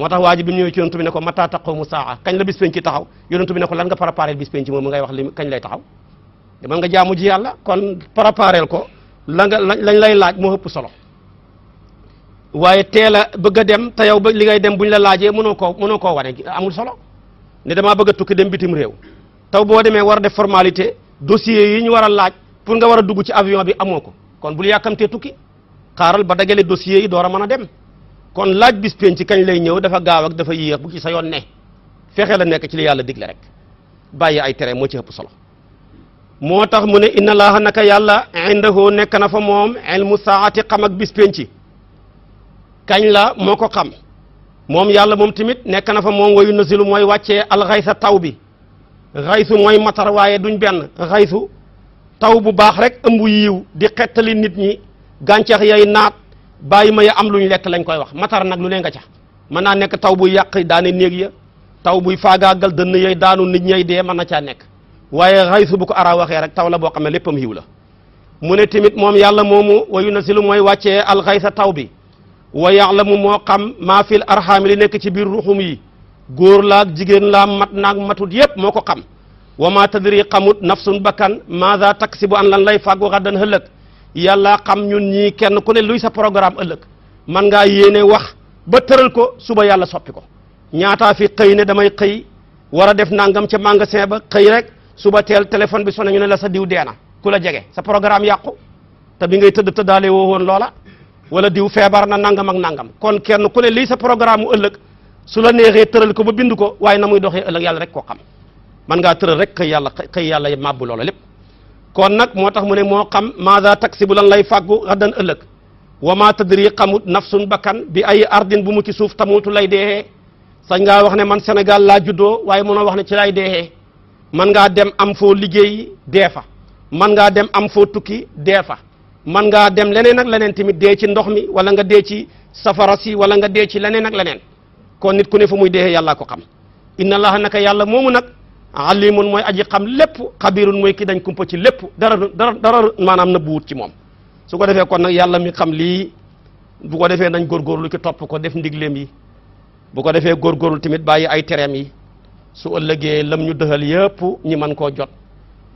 moo tax waa ji bi mu ñëwee ci yonentu bi ne ko mata taqumu saa kañ la bis penc ci taxaw yonentu bi ne ko lan nga préparé bis penc moom ngay wax li kañ lay taxaw demal nga jaamu ji yàlla kon préparé ko la lañ lay laaj moo ëpp solo waaye teel a bëgg dem te yow ba li ngay dem buñ la laajee mënoo koo mënoo koo wane amul solo ne damaa bëgg a tukki dem bitim réew taw boo demee war a def formalité dossier yi ñu war a laaj pour nga war a dugg ci avion bi amoo ko kon bul yàkkamtee tukki xaaral ba dagale dossier yi door a mën a dem kon laaj bis pénc kañ lay ñëw dafa gaaw ak dafa yéex bu ci sa yoon ne fexe la nekk ci li yàlla digle rek bàyyi ay tere moo ci ëpp solo moo tax mu ne inna laaha yàlla indahu nekk na fa moom ilmu saati xam ak bis pénc kañ la moo ko xam moom yàlla moom tamit nekk na fa moom wayu nazilu mooy wàcce alxaysa taw bi xaysu mooy matar waaye duñ benn xaysu taw bu baax rek ëmb yiiw di xettali nit ñi gàncax yay naat bàyyi ma ya am luñ lekk lañ koy wax matar nag lu ne nga ca mën naa nekk taw buy yàq daane néeg ya taw buy faagaagal dënn yooyu daanu nit ñay dee mën na caa nekk waaye xaysu bu ko araa waxee rek taw la boo xam ne léppam hiw la mu ne tamit moom yàlla moomu wa yunasilu mooy wàccee alxaysa taw bi wa ya'lamu moo xam maa fil arxaami li nekk ci biir ruxum yi góor laag jigéen laa mat naag matut yépp moo ko xam wa maa tadri xamut nafsun bakkan maada taksibu an lan lay fàggu xaddan hëllëg yàlla xam ñun ñii kenn ku ne luy sa programme ëllëg man ngaa yéene wax ba tëral ko suba yàlla soppi ko ñaataa fi xëy ne damay xëy war a def nangam ca magasin ba këy rek suba teel téléphone bi sonné ñu ne la sa diw deena ku la jege sa programme yàqu te bi ngay tëdd tëddaale woo woon loola wala diw feebar na nangam ak nangam kon kenn ku ne lii sa programme mu ëllëg su la neexee tëral ko ba bindu ko waaye na muy doxee ëllëg yàlla rek koo xam man ngaa tëral rek xëy yàlla xëy yàlla màbbu loola lépp kon nag moo tax mu ne moo xam maada bu lan lay fàggu xaddan ëllëg wa ma tadri xamut nafsun bakkan bi ay ardin bu mu ci suuf tamutu lay deexee sañ ngaa wax ne man senegal laa juddoo waaye mënoo wax ne ci lay deexee man ngaa dem am foo liggéey dee fa man ngaa dem am foo tukki dee fa man ngaa dem leneen ak leneen tamit dee ci ndox mi wala nga dee ci safara si wala nga dee ci leneen ak leneen kon nit ku ne fu muy deexee yàllaa ko xam inna allaha naka nag alimun mooy aji xam lépp xabirun mooy ki dañ kumpa ci lépp dara dara dara maanaam na nëbbuwut ci moom su ko defee kon nag yàlla mi xam lii bu ko defee nañ góorgóorlu ci topp ko def ndigleem yi bu ko defee góorgóorlu tamit bàyyi ay tereem yi su ëllëgee lam ñu dëxal yëpp ñi mën koo jot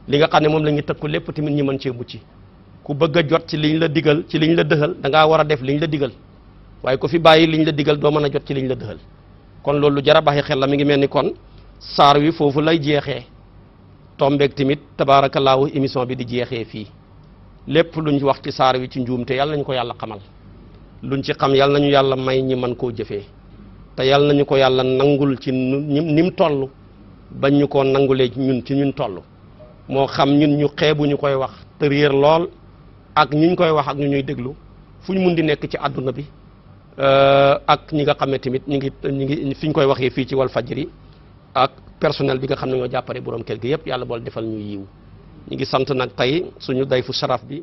li nga xam ne moom la ñu tëkku lépp tamit ñi mën cee ci ku bëgg a jot ci liñ la digal ci liñ la dëxal da ngaa war a def liñ la digal waaye ko fi bàyyi liñ la digal doo mën a jot ci liñ la dëxal kon loolu lu jar xel la mi ngi mel ni kon saar wi foofu lay jeexee tombeeg tamit tabaarakallaahu émission bi di jeexee fii lépp luñ wax ci saar wi ci njuumte yàlla nañu ko yàlla xamal ñu ci xam yàlla nañu yàlla may ñi mën koo jëfee te yàlla nañu ko yàlla nangul ci ni mu toll bañ ñu koo nangulee ñun ci ñun toll moo xam ñun ñu xeebu ñu koy wax te réer lool ak ñuñ koy wax ak ñu ñuy déglu fu ñu mun di nekk ci àdduna bi euh, ak ñi nga xam ne tamit ñu ngi ñu ngi fi ñu koy waxee fii ci Walfadjri ak personel bi nga xam ne ñoo jàppale borom kër gi yëpp yàlla bool defal ñu yiw ñu ngi sant nag tey suñu day fu saraf bi